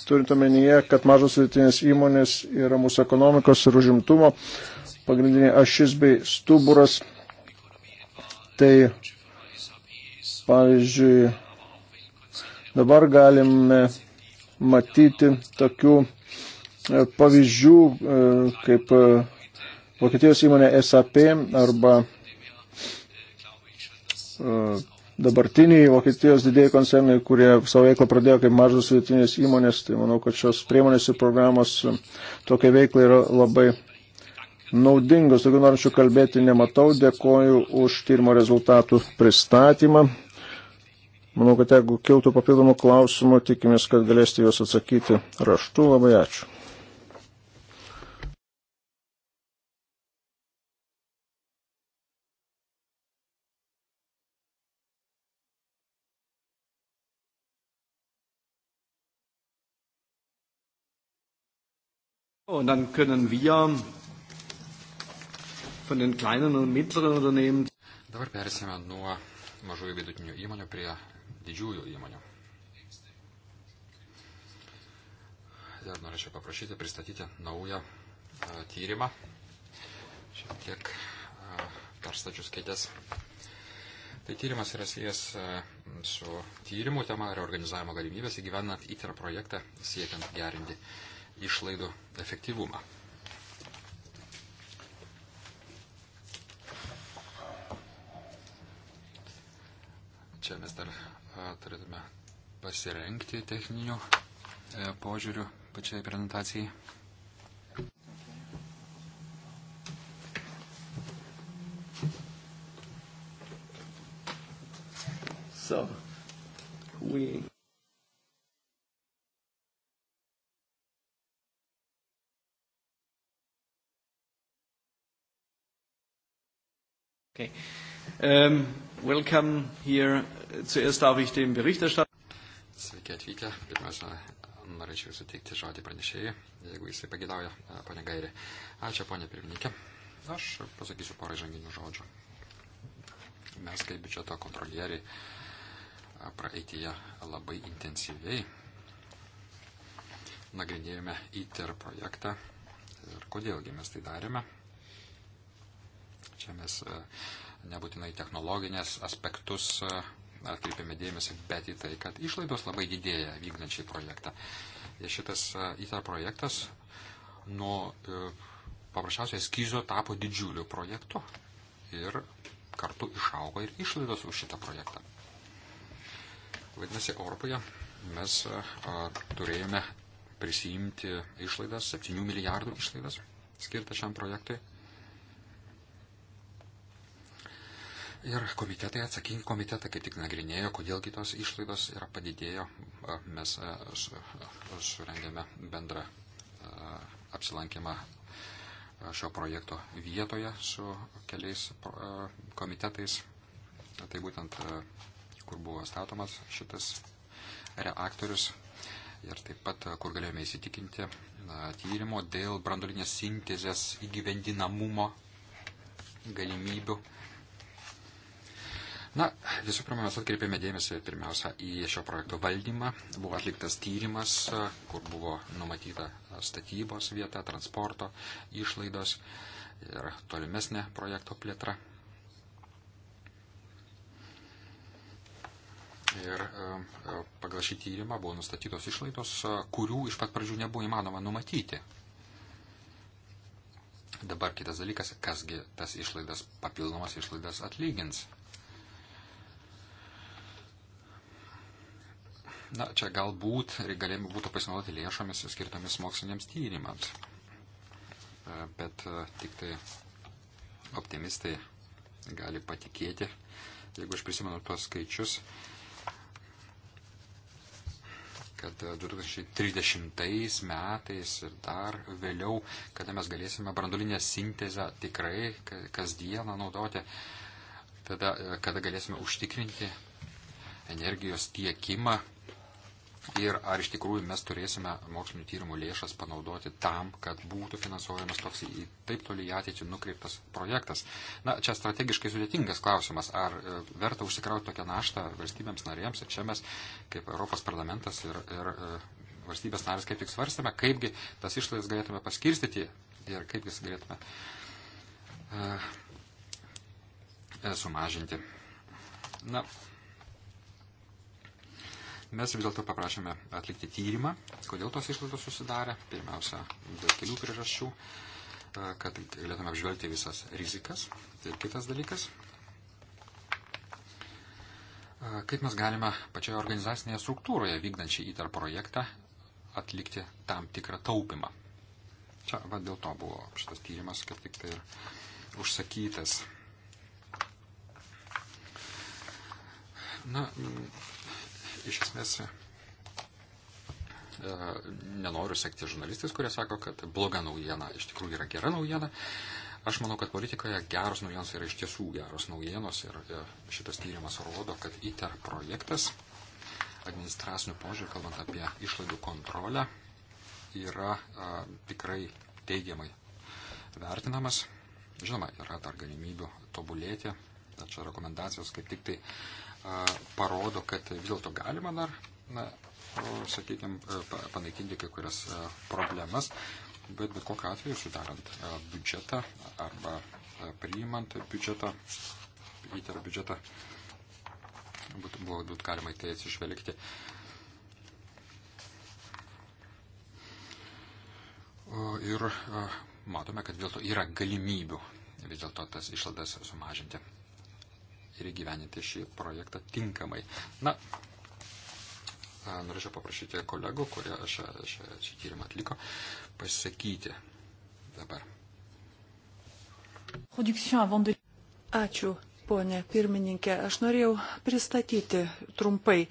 turint omenyje, kad mažos vidutinės įmonės yra mūsų ekonomikos ir užimtumo pagrindinė ašis bei stuburas. Tai, pavyzdžiui, Dabar galime matyti tokių e, pavyzdžių, e, kaip e, Vokietijos įmonė SAP arba dabartiniai Vokietijos didėjai koncernai, kurie savo veiklą pradėjo kaip mažos vietinės įmonės, tai manau, kad šios priemonės ir programos tokia veikla yra labai naudingos. Daugiau norinčių kalbėti nematau. Dėkoju už tyrimo rezultatų pristatymą. Manau, kad jeigu kiltų papildomų klausimų, tikimės, kad galėsite juos atsakyti raštu. Labai ačiū. Und oh, dann können wir von den kleinen und mittleren Unternehmen. Dabar persime nuo mažųjų vidutinių įmonių prie didžiųjų įmonių. Ir norėčiau paprašyti pristatyti naują a, tyrimą, šiek tiek perstačius kėdės. Tai tyrimas yra susijęs su tyrimų tema ir organizavimo galimybės įgyvenant ITER projektą siekiant gerinti išlaidų efektyvumą. Čia mes dar turėtume pasirenkti techninių e, požiūrių pačiai prezentacijai. So, we Okay. Um, welcome here. Zuerst darf ich dem Berichterstatter. Sveiki atvykę. Pirmiausia, norėčiau suteikti žodį pranešėjai, jeigu jisai pagidauja, ponė Gairė. Ačiū, ponė pirmininkė. Aš pasakysiu porą žanginių žodžių. Mes kaip biudžeto kontrolieriai praeitie labai intensyviai nagrinėjome ITER projektą ir kodėlgi mes tai darėme. Čia mes nebūtinai technologinės aspektus e, atkreipiame dėmesį, bet į tai, kad išlaidos labai didėja vykdant šį projektą. Ir šitas e, ITER projektas nuo e, paprasčiausiai skizo tapo didžiuliu projektu ir kartu išaugo ir išlaidos už šitą projektą. Vadinasi, Europoje mes turėjome prisijimti išlaidas, 7 milijardų išlaidas skirtą šiam projektui. Ir komitetai, atsakingi komitetai, kaip tik nagrinėjo, kodėl kitos išlaidos yra padidėjo. Mes surengėme bendrą apsilankymą šio projekto vietoje su keliais komitetais. Tai būtent, kur buvo statomas šitas reaktorius. Ir taip pat, kur galėjome įsitikinti tyrimo dėl brandolinės sintezės įgyvendinamumo galimybių Na, visų pirma, mes atkreipėme dėmesį pirmiausia į šio projekto valdymą. Buvo atliktas tyrimas, kur buvo numatyta statybos vieta, transporto išlaidos ir tolimesnė projekto plėtra. Ir e, pagal šį tyrimą buvo nustatytos išlaidos, e, kurių iš pat pradžių nebuvo įmanoma numatyti. Dabar kitas dalykas, kasgi tas išlaidas, papildomas išlaidas atlygins. Na, čia galbūt galėjome būtų pasinaudoti lėšomis skirtomis moksliniams tyrimams. E, bet e, tik tai optimistai gali patikėti, jeigu aš prisimenu tuos skaičius, kad 2030 e, metais ir dar vėliau, kada mes galėsime brandulinę sintezę tikrai kasdieną naudoti, tada, kada galėsime užtikrinti energijos tiekimą ir ar iš tikrųjų mes turėsime mokslinių tyrimų lėšas panaudoti tam, kad būtų finansuojamas toks į taip toli į ateitį nukreiptas projektas. Na, čia strategiškai sudėtingas klausimas, ar e, verta užsikrauti tokią naštą valstybėms narėms ir čia mes, kaip Europos parlamentas ir, ir e, valstybės narės, kaip tik svarstame, kaipgi tas išlaidas galėtume paskirstyti ir kaip jas galėtume uh, sumažinti. Na, Mes vis dėlto paprašėme atlikti tyrimą, kodėl tos išlaidos susidarė. Pirmiausia, dėl kelių priežasčių, e, kad galėtume apžvelgti visas rizikas. Tai kitas dalykas. E, kaip mes galime pačioje organizacinėje struktūroje vykdančiai įtar projektą atlikti tam tikrą taupimą. Čia va, dėl to buvo šitas tyrimas, kaip tik tai ir užsakytas. Na, iš esmės e, nenoriu sekti žurnalistais, kurie sako, kad bloga naujiena iš tikrųjų yra gera naujiena. Aš manau, kad politikoje geros naujienos yra iš tiesų geros naujienos ir e, šitas tyrimas rodo, kad ITER projektas administracinių požiūrį, kalbant apie išlaidų kontrolę, yra a, e, tikrai teigiamai vertinamas. Žinoma, yra dar galimybių tobulėti, tačiau rekomendacijos kaip tik tai parodo, kad vis dėlto galima dar, na, sakykime, panaikinti kai kurias e, problemas, bet bet kokiu atveju sudarant e, biudžetą arba e, priimant biudžetą, įtara biudžetą, būtų, būtų galima į tai atsižvelgti. Ir matome, kad vis dėlto yra galimybių vis dėlto tas išlaidas sumažinti ir įgyveninti šį projektą tinkamai. Na, norėčiau paprašyti kolegų, kurie šią, šią, šį tyrimą atliko, pasisakyti dabar. Ačiū, ponė pirmininkė. Aš norėjau pristatyti trumpai e,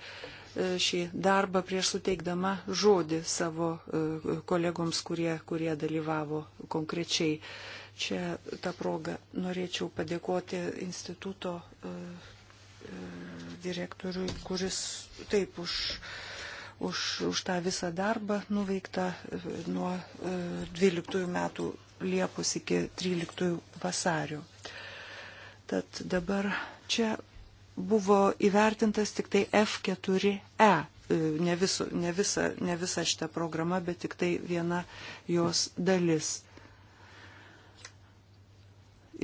šį darbą prieš suteikdama žodį savo e, kolegoms, kurie, kurie dalyvavo konkrečiai Čia tą progą norėčiau padėkoti instituto e, e, direktoriui, kuris taip už, už, už tą visą darbą nuveiktą e, nuo 12 metų Liepus iki 13 vasario. Tad dabar čia buvo įvertintas tik tai F4E ne, visu, ne, visa, ne visa šita programa, bet tik tai viena jos dalis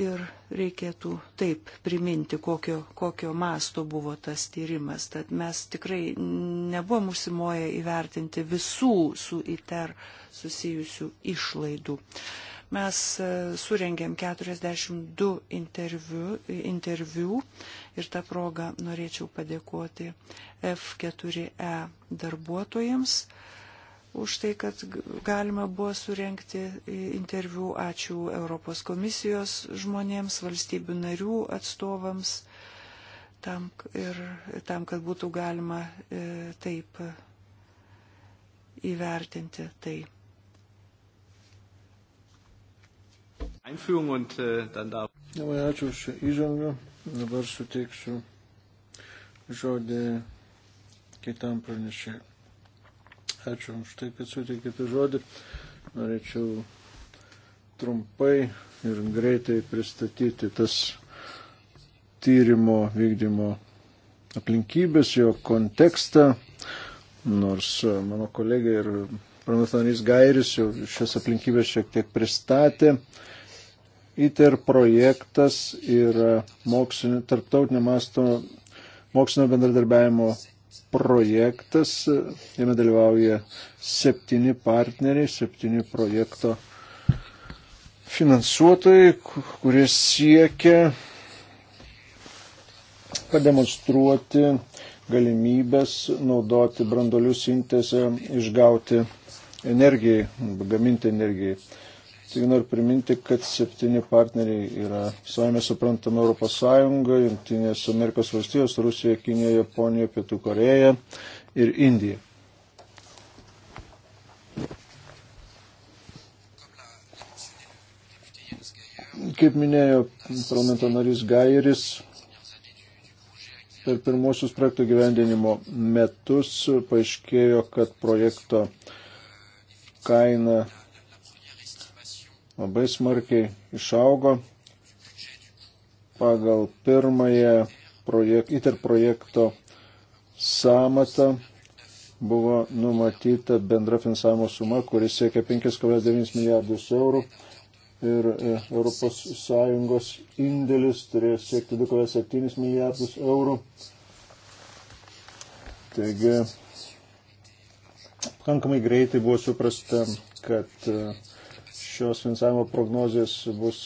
ir reikėtų taip priminti, kokio, kokio masto buvo tas tyrimas. Tad mes tikrai nebuvom užsimoję įvertinti visų su ITER susijusių išlaidų. Mes e, surengėm 42 interviu, interviu ir tą progą norėčiau padėkoti F4E darbuotojams. Uh, už tai, kad galima buvo surenkti interviu. Ačiū Europos komisijos žmonėms, valstybių narių atstovams, tam, ir, tam kad būtų galima e, taip įvertinti tai. Äh, Labai ačiū už įžangą. Dabar suteiksiu žodį kitam pranešėjui. Ačiū už tai, kad suteikėte žodį. Norėčiau trumpai ir greitai pristatyti tas tyrimo vykdymo aplinkybės, jo kontekstą, nors mano kolegė ir pranatanys Gairis jau šias aplinkybės šiek tiek pristatė. ITER projektas yra mokslinio, tarptautinio masto mokslinio bendradarbiavimo projektas, jame dalyvauja septyni partneriai, septyni projekto finansuotojai, kurie siekia pademonstruoti galimybės naudoti brandolių sintezę, išgauti energijai, gaminti energijai. Taigi noriu priminti, kad septyni partneriai yra savame suprantama Europos Sąjunga, Junktinės Amerikos valstijos, Rusija, Kinija, Japonija, Pietų Koreja ir Indija. Kaip minėjo parlamento narys Gairis, per pirmosius projektų gyvendinimo metus paaiškėjo, kad projekto kaina labai smarkiai išaugo. Pagal pirmąją projek ITER projekto samatą buvo numatyta bendra finansavimo suma, kuris siekia 5,9 milijardus eurų ir ES indėlis turės siekti 2,7 milijardus eurų. Taigi, pakankamai greitai buvo suprasta, kad uh, šios finansavimo prognozijas bus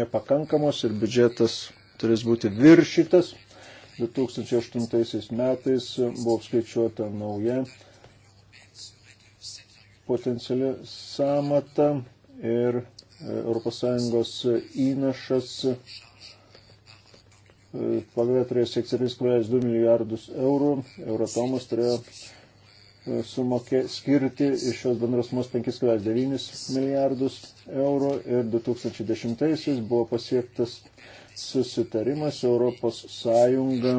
nepakankamos ir biudžetas turės būti viršytas. 2008 metais buvo apskaičiuota nauja potenciali samata ir ES įnašas e, pagal turėjo siekti 3,2 milijardus eurų, Euratomas turėjo E, sumokė skirti iš šios bendros sumos 5,9 milijardus eurų ir 2010-aisiais buvo pasiektas susitarimas Europos Sąjunga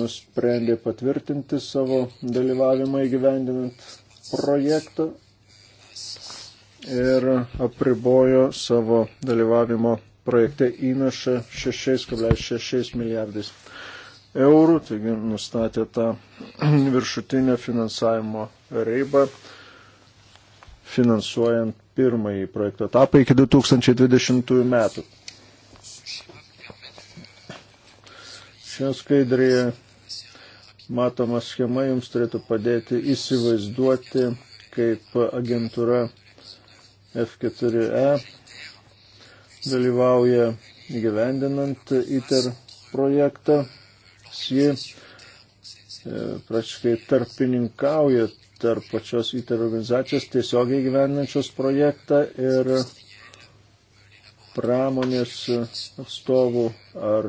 nusprendė patvirtinti savo dalyvavimą įgyvendinant projektą ir apribojo savo dalyvavimo projekte įnašą 6,6 milijardais eurų, taigi nustatė tą viršutinę finansavimo ribą, finansuojant pirmąjį projekto etapą iki 2020 metų. Šią skaidrėje matoma schema jums turėtų padėti įsivaizduoti, kaip agentūra F4E dalyvauja įgyvendinant ITER projektą ji e, praškai tarpininkauja tarp pačios įtaro organizacijos tiesiogiai gyvenančios projektą ir pramonės atstovų ar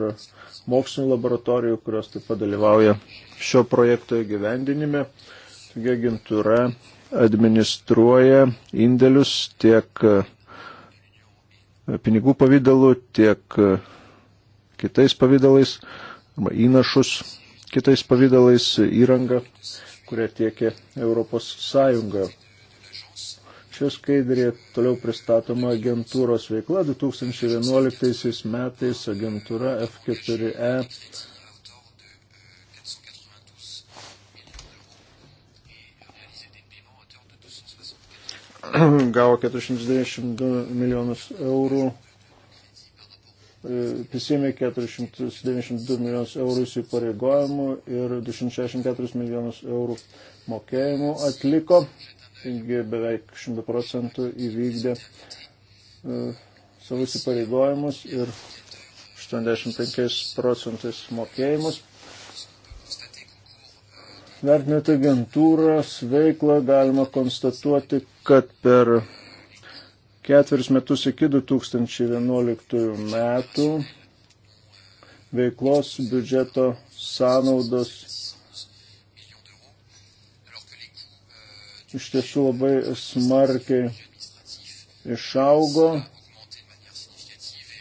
mokslinio laboratorijų, kurios taip pat dalyvauja šio projekto įgyvendinime. Taigi agentūra administruoja indėlius tiek e, pinigų pavydalu, tiek e, kitais pavydalais arba įnašus kitais pavydalais įrangą, kurią tiekė Europos Sąjunga. Čia skaidrė toliau pristatoma agentūros veikla. 2011 metais agentūra F4E gavo 492 milijonus eurų E, prisėmė 492 milijonus eurų įsipareigojimų ir 264 milijonus eurų mokėjimų atliko, taigi beveik 100 procentų įvykdė e, savo įsipareigojimus ir 85 procentais mokėjimus. Vertinant agentūros veiklą galima konstatuoti, kad per ketveris metus iki 2011 metų veiklos biudžeto sąnaudos iš tiesų labai smarkiai išaugo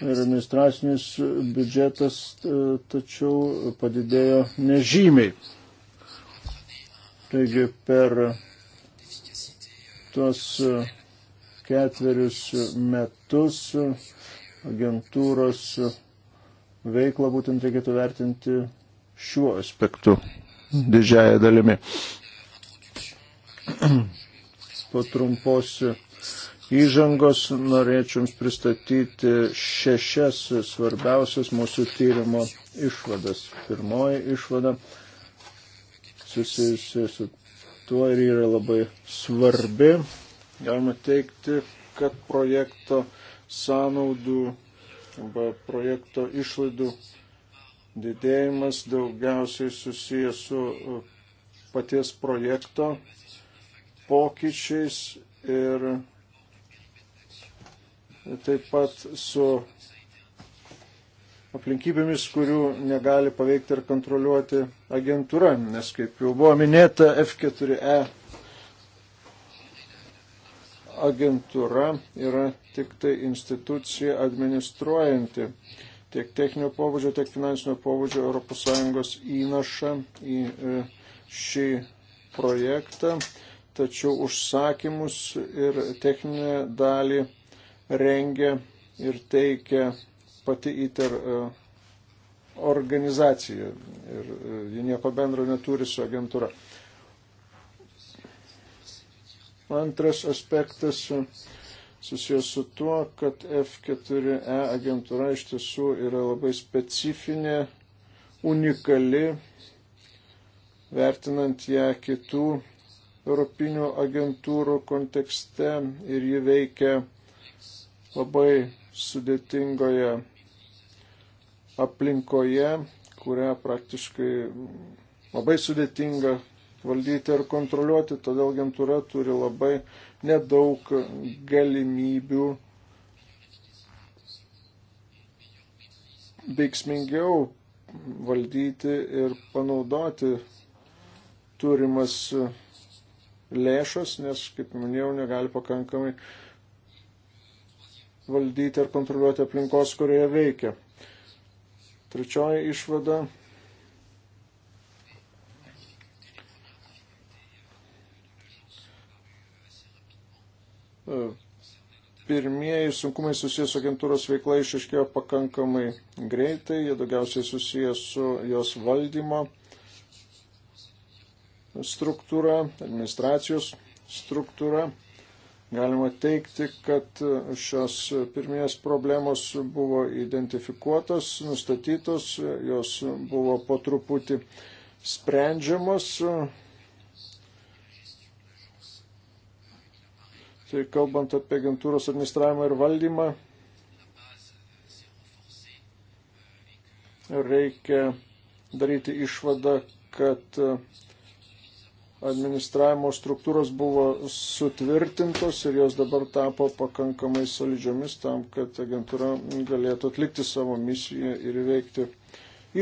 ir administracinis biudžetas e, tačiau padidėjo nežymiai. Taigi per tuos e, ketverius metus agentūros veiklą būtent reikėtų vertinti šiuo aspektu didžiaja dalimi. Po trumpos įžangos norėčiau Jums pristatyti šešias svarbiausias mūsų tyrimo išvadas. Pirmoji išvada susijusi su tuo ir yra labai svarbi Galima teikti, kad projekto sąnaudų arba projekto išlaidų didėjimas daugiausiai susijęs su uh, paties projekto pokyčiais ir taip pat su aplinkybėmis, kurių negali paveikti ir kontroliuoti agentūra, nes kaip jau buvo minėta, F4E agentūra yra tik tai institucija administruojanti tiek techninio pobūdžio, tiek finansinio pobūdžio ES įnašą į e, šį projektą, tačiau užsakymus ir techninę dalį rengia ir teikia pati ITER e, organizacija ir e, ji nieko bendro neturi su agentūra. Antras aspektas e, susijęs su tuo, kad F4E agentūra iš tiesų yra labai specifinė, unikali, vertinant ją kitų europinių agentūrų kontekste ir ji veikia labai sudėtingoje aplinkoje, kurią praktiškai labai sudėtinga valdyti ar kontroliuoti, todėl agentūra turi labai nedaug galimybių veiksmingiau valdyti ir panaudoti turimas lėšas, nes, kaip minėjau, negali pakankamai valdyti ar kontroliuoti aplinkos, kurioje veikia. Trečioji išvada Pirmieji sunkumai susijęs su agentūros veikla išaiškėjo pakankamai greitai, jie daugiausiai susijęs su jos valdymo struktūra, administracijos struktūra. Galima teikti, kad šios pirminės problemos buvo identifikuotos, nustatytos, jos buvo po truputį sprendžiamos, Tai kalbant apie agentūros administravimą ir valdymą, reikia daryti išvadą, kad administravimo struktūros buvo sutvirtintos ir jos dabar tapo pakankamai solidžiomis tam, kad agentūra galėtų atlikti savo misiją ir įveikti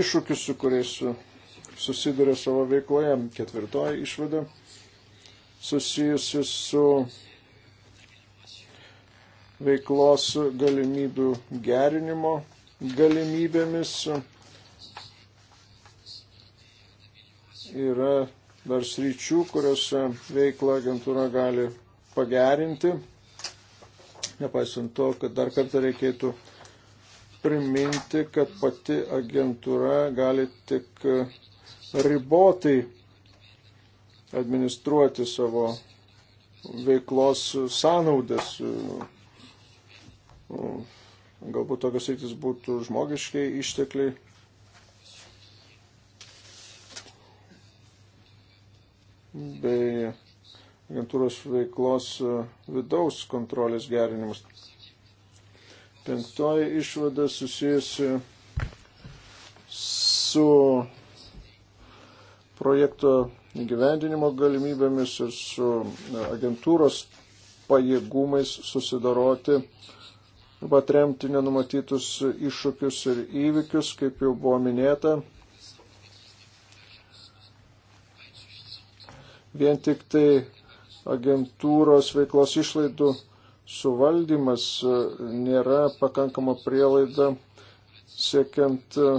iššūkius, su kuriais susiduria savo veikloje. Ketvirtoji išvada susijusi su veiklos galimybių gerinimo galimybėmis. Yra dar sryčių, kuriuose veiklą agentūra gali pagerinti, nepaisant to, kad dar kartą reikėtų priminti, kad pati agentūra gali tik ribotai administruoti savo veiklos sąnaudas, Mm. Galbūt tokios rytis būtų žmogiškiai ištekliai. bei agentūros veiklos e, vidaus kontrolės gerinimas. Penktoji išvada susijusi su projekto įgyvendinimo galimybėmis ir su e, agentūros pajėgumais susidaroti uh, arba atremti nenumatytus iššūkius ir įvykius, kaip jau buvo minėta. Vien tik tai agentūros veiklos išlaidų suvaldymas e, nėra pakankama prielaida siekiant e,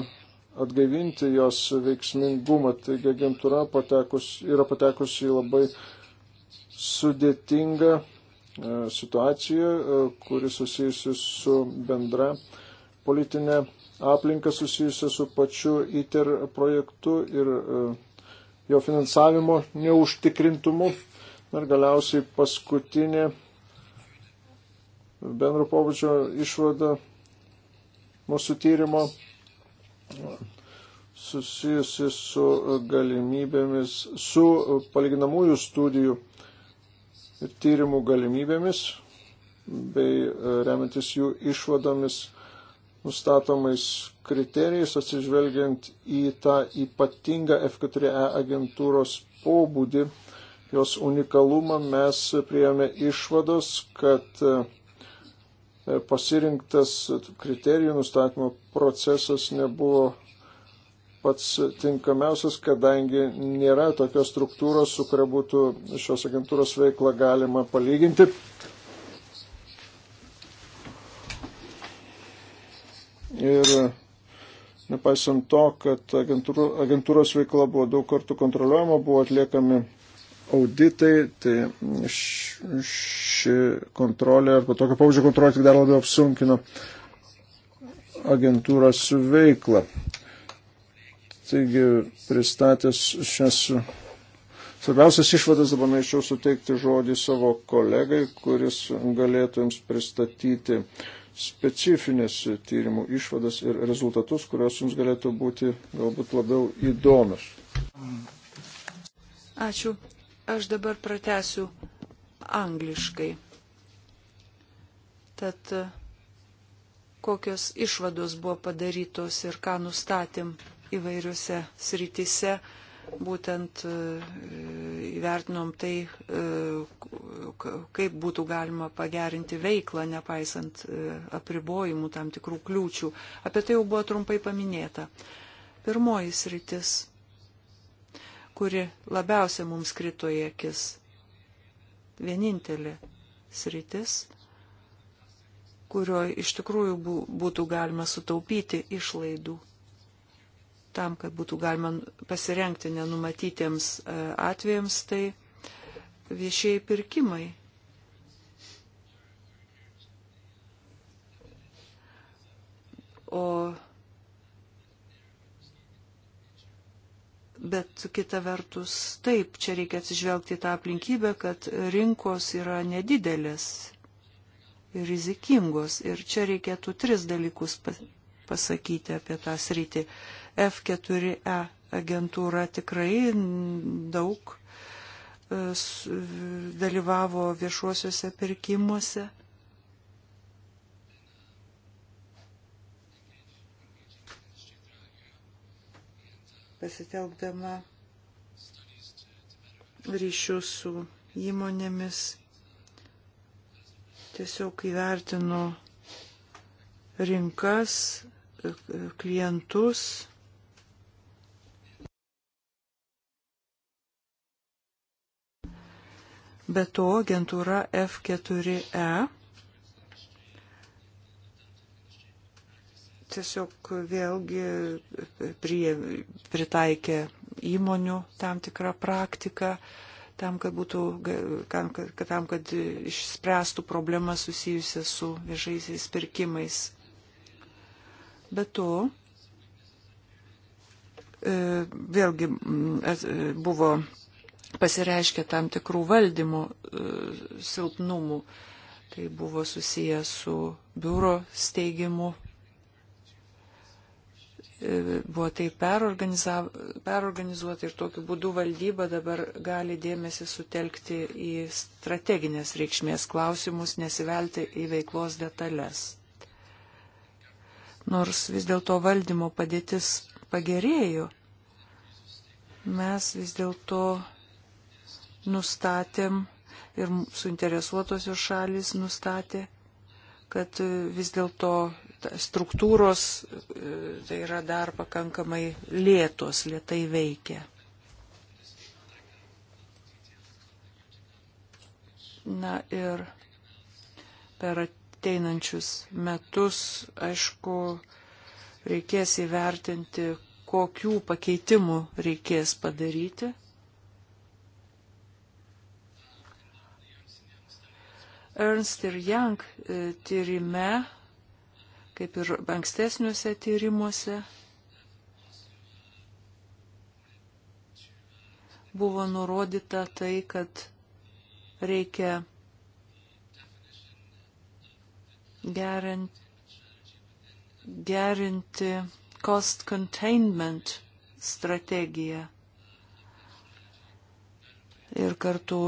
atgaivinti jos veiksmingumą. Taigi agentūra patekus, yra patekusi į labai sudėtingą E, situacija, e, kuri susijusi su bendra politinė aplinka susijusi su pačiu ITER projektu ir e, jo finansavimo neužtikrintumu. Ir galiausiai paskutinė bendro pobūdžio išvada mūsų tyrimo susijusi su galimybėmis, su palyginamųjų studijų ir tyrimų galimybėmis bei e, remiantis jų išvadomis nustatomais kriterijais atsižvelgiant į tą ypatingą F4E agentūros pobūdį, jos unikalumą, mes prieėmė išvados, kad e, pasirinktas kriterijų nustatymo procesas nebuvo pats tinkamiausias, kadangi nėra tokios struktūros, su kuria būtų šios agentūros veiklą galima palyginti. Ir nepaisant to, kad agentūrų, agentūros veikla buvo daug kartų kontroliuojama, buvo atliekami auditai, tai ši kontrolė arba tokio pavyzdžio kontrolė tik dar labiau apsunkino agentūros veiklą. Taigi, pristatęs šias svarbiausias išvadas, dabar norėčiau suteikti žodį savo kolegai, kuris galėtų jums pristatyti specifinės tyrimų išvadas ir rezultatus, kurios jums galėtų būti galbūt labiau įdomios. Ačiū. Aš dabar pratęsiu angliškai. Tad kokios išvados buvo padarytos ir ką nustatėm įvairiuose srityse. Būtent e, įvertinom tai, e, kaip būtų galima pagerinti veiklą, nepaisant e, apribojimų tam tikrų kliūčių. Apie tai jau buvo trumpai paminėta. Pirmoji sritis, kuri labiausia mums krito į akis. Vienintelė sritis kurio iš tikrųjų būtų galima sutaupyti išlaidų tam, kad būtų galima pasirenkti nenumatytiems e, atvejams, tai viešieji pirkimai. O Bet kita vertus, taip, čia reikia atsižvelgti tą aplinkybę, kad rinkos yra nedidelės ir rizikingos. Ir čia reikėtų tris dalykus pasakyti apie tą sritį. Uh, F4E agentūra tikrai daug e, dalyvavo viešuosiuose pirkimuose. Pasitelkdama ryšius su įmonėmis, tiesiog įvertino rinkas, e, klientus, Be to, agentūra F4E tiesiog vėlgi prie, pritaikė įmonių tam tikrą praktiką, tam, kad, būtų, kad, tam, kad išspręstų problemą susijusią su viešaisiais pirkimais. Be to, e, vėlgi e, buvo pasireiškia tam tikrų valdymo e, silpnumų. Tai buvo susiję su biuro steigimu. E, buvo tai perorganizuota ir tokiu būdu valdyba dabar gali dėmesį sutelkti į strateginės reikšmės klausimus, nesivelti į veiklos detalės. Nors vis dėlto valdymo padėtis pagerėjo, mes vis dėlto nustatėm ir suinteresuotosios šalis nustatė, kad e, vis dėlto struktūros e, tai yra dar pakankamai lėtos, lietai veikia. Na ir per ateinančius metus, aišku, reikės įvertinti, kokių pakeitimų reikės padaryti Ernst ir Young e, tyrime, kaip ir ankstesniuose tyrimuose, buvo nurodyta tai, kad reikia gerinti, gerinti cost containment strategiją ir kartu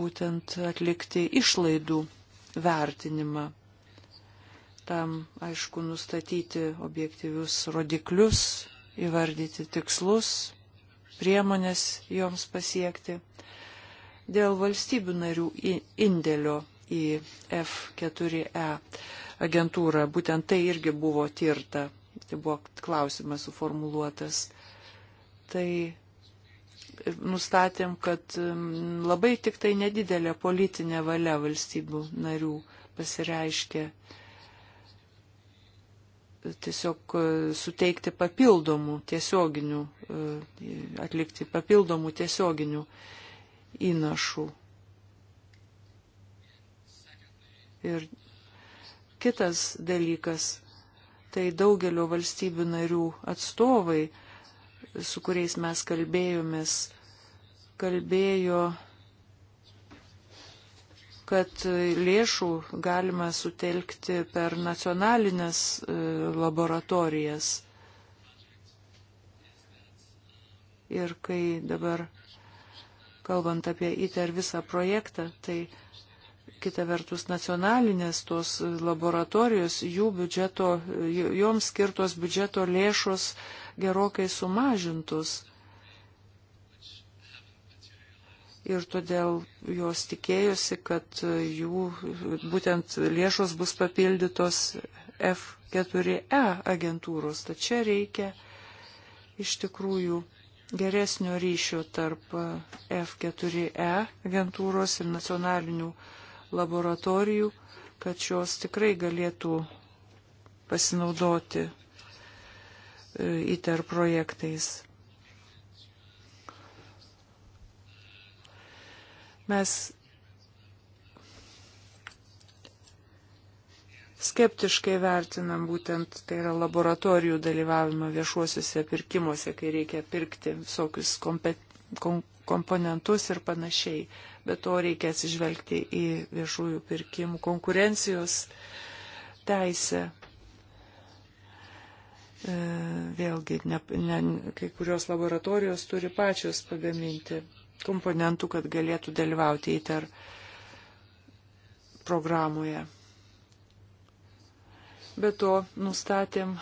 būtent atlikti išlaidų vertinimą. Tam, aišku, nustatyti objektyvius rodiklius, įvardyti tikslus, priemonės joms pasiekti. Dėl valstybių narių indėlio į F4E agentūrą, būtent tai irgi buvo tirta, tai buvo klausimas suformuluotas. Tai nustatėm, kad labai tik tai nedidelė politinė valia valstybių narių pasireiškia tiesiog e, suteikti papildomų tiesioginių, e, atlikti papildomų tiesioginių įnašų. Ir kitas dalykas, tai daugelio valstybių narių atstovai, su kuriais mes kalbėjomės, kalbėjo, kad lėšų galima sutelkti per nacionalinės e, laboratorijas. Ir kai dabar, kalbant apie ITER visą projektą, tai kita vertus nacionalinės tos laboratorijos, jų biudžeto, joms skirtos biudžeto lėšos uh, gerokai sumažintus. Ir todėl jos tikėjosi, kad jų būtent lėšos bus papildytos F4E agentūros. Tačiau reikia iš tikrųjų geresnio ryšio tarp F4E agentūros ir nacionalinių laboratorijų, kad šios tikrai galėtų pasinaudoti E, ITER projektais. Mes skeptiškai vertinam būtent, tai yra laboratorijų dalyvavimą viešuosiuose pirkimuose, kai reikia pirkti visokius kompet, kom, komponentus ir panašiai. Bet to reikia atsižvelgti į viešųjų pirkimų konkurencijos teisę. E, vėlgi ne, ne, kai kurios laboratorijos turi pačios pagaminti komponentų, kad galėtų dalyvauti ITER programoje. Be to nustatėm,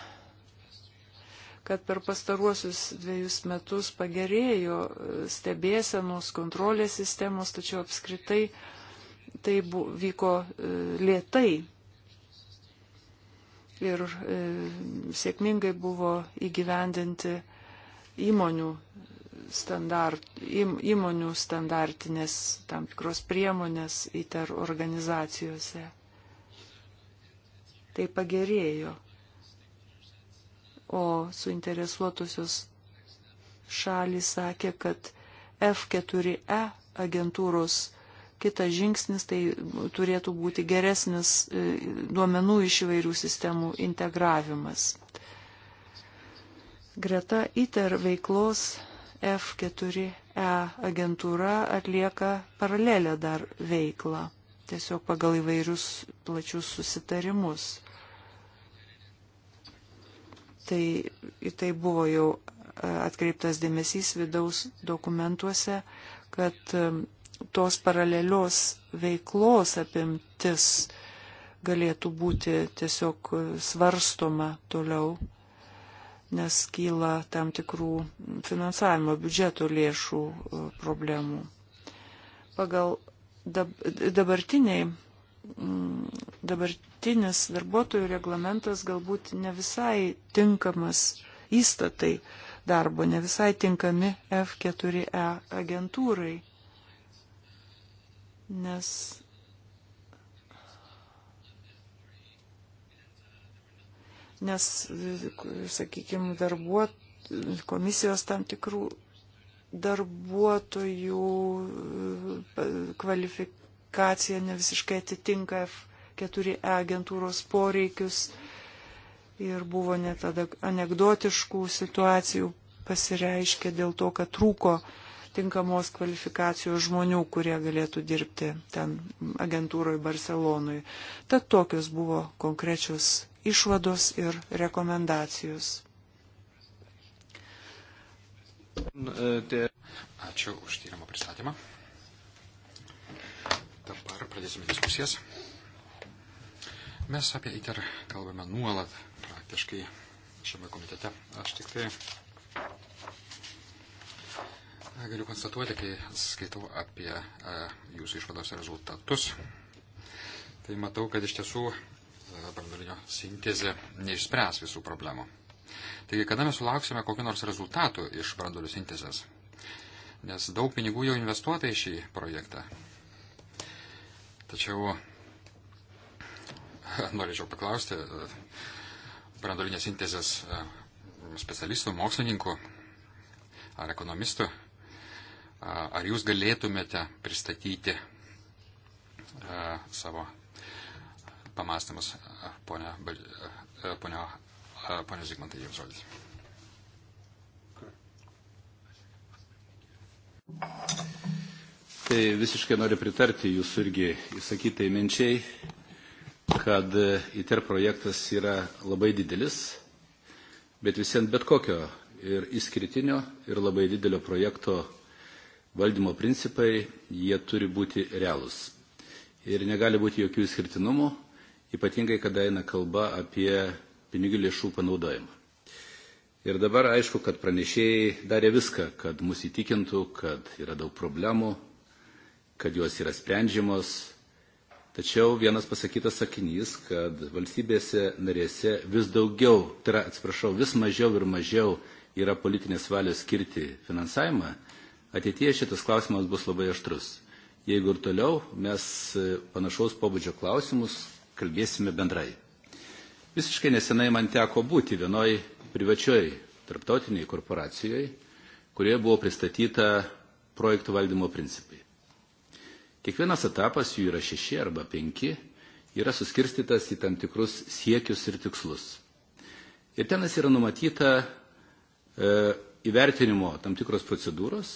kad per pastaruosius dviejus metus pagerėjo e, stebėsenos kontrolės sistemos, tačiau apskritai tai bu, vyko e, lėtai ir e, sėkmingai buvo įgyvendinti įmonių, standart, im, įmonių standartinės tam tikros priemonės ITER organizacijose. Tai pagerėjo. O suinteresuotusios šalis sakė, kad F4E agentūros kitas žingsnis tai turėtų būti geresnis e, duomenų iš įvairių sistemų integravimas. Greta ITER veiklos F4E agentūra atlieka paralelę dar veiklą, tiesiog pagal įvairius plačius susitarimus. Tai į tai buvo jau e, atkreiptas dėmesys vidaus dokumentuose, kad e, tos paralelios veiklos apimtis galėtų būti tiesiog svarstoma toliau, nes kyla tam tikrų finansavimo biudžeto lėšų e, problemų. Pagal dabartiniai, mm, dabartinis darbuotojų reglamentas galbūt ne visai tinkamas įstatai darbo, ne visai tinkami F4E agentūrai nes nes, sakykime, darbuot, komisijos tam tikrų darbuotojų e, kvalifikacija ne visiškai atitinka F4E agentūros poreikius ir buvo net anegdotiškų situacijų pasireiškia dėl to, kad trūko uh, tinkamos kvalifikacijos žmonių, kurie galėtų dirbti ten agentūroje Barcelonui. Tad tokios buvo konkrečios išvados ir rekomendacijos. Ačiū už tyrimo pristatymą. Dabar pradėsime diskusijas. Mes apie ITER kalbame nuolat praktiškai šiame komitete. Aš tik tai Galiu konstatuoti, kai skaitau apie e, jūsų išvados rezultatus, tai matau, kad iš tiesų e, branduolinio sintezė neišspręs visų problemų. Taigi, kada mes sulauksime kokio nors rezultatų iš branduolio sintezės? Nes daug pinigų jau investuota į šį projektą. Tačiau e, norėčiau paklausti branduolinės sintezės specialistų, mokslininkų ar ekonomistų, Ar jūs galėtumėte pristatyti savo pamastymus, ponia, ponia, ponia Zygmantai, jums žodis. Tai visiškai noriu pritarti jūsų irgi įsakytai minčiai, kad ITER projektas yra labai didelis, bet visiems bet kokio ir įskritinio ir labai didelio projekto valdymo principai, jie turi būti realūs. Ir negali būti jokių skirtinumų, ypatingai, kada eina kalba apie pinigų lėšų panaudojimą. Ir dabar aišku, kad pranešėjai darė viską, kad mus įtikintų, kad yra daug problemų, kad jos yra sprendžiamos. Tačiau vienas pasakytas sakinys, kad valstybėse narėse vis daugiau, tai yra, atsiprašau, vis mažiau ir mažiau yra politinės valios skirti finansavimą Ateityje šitas klausimas bus labai aštrus. Jeigu ir toliau mes e, panašaus pobūdžio klausimus kalbėsime bendrai. Visiškai nesenai man teko būti vienoj privačioj tarptautiniai korporacijoje, kurioje buvo pristatyta projektų valdymo principai. Kiekvienas etapas, jų yra šeši arba penki, yra suskirstytas į tam tikrus siekius ir tikslus. Ir tenas yra numatyta e, įvertinimo tam tikros procedūros,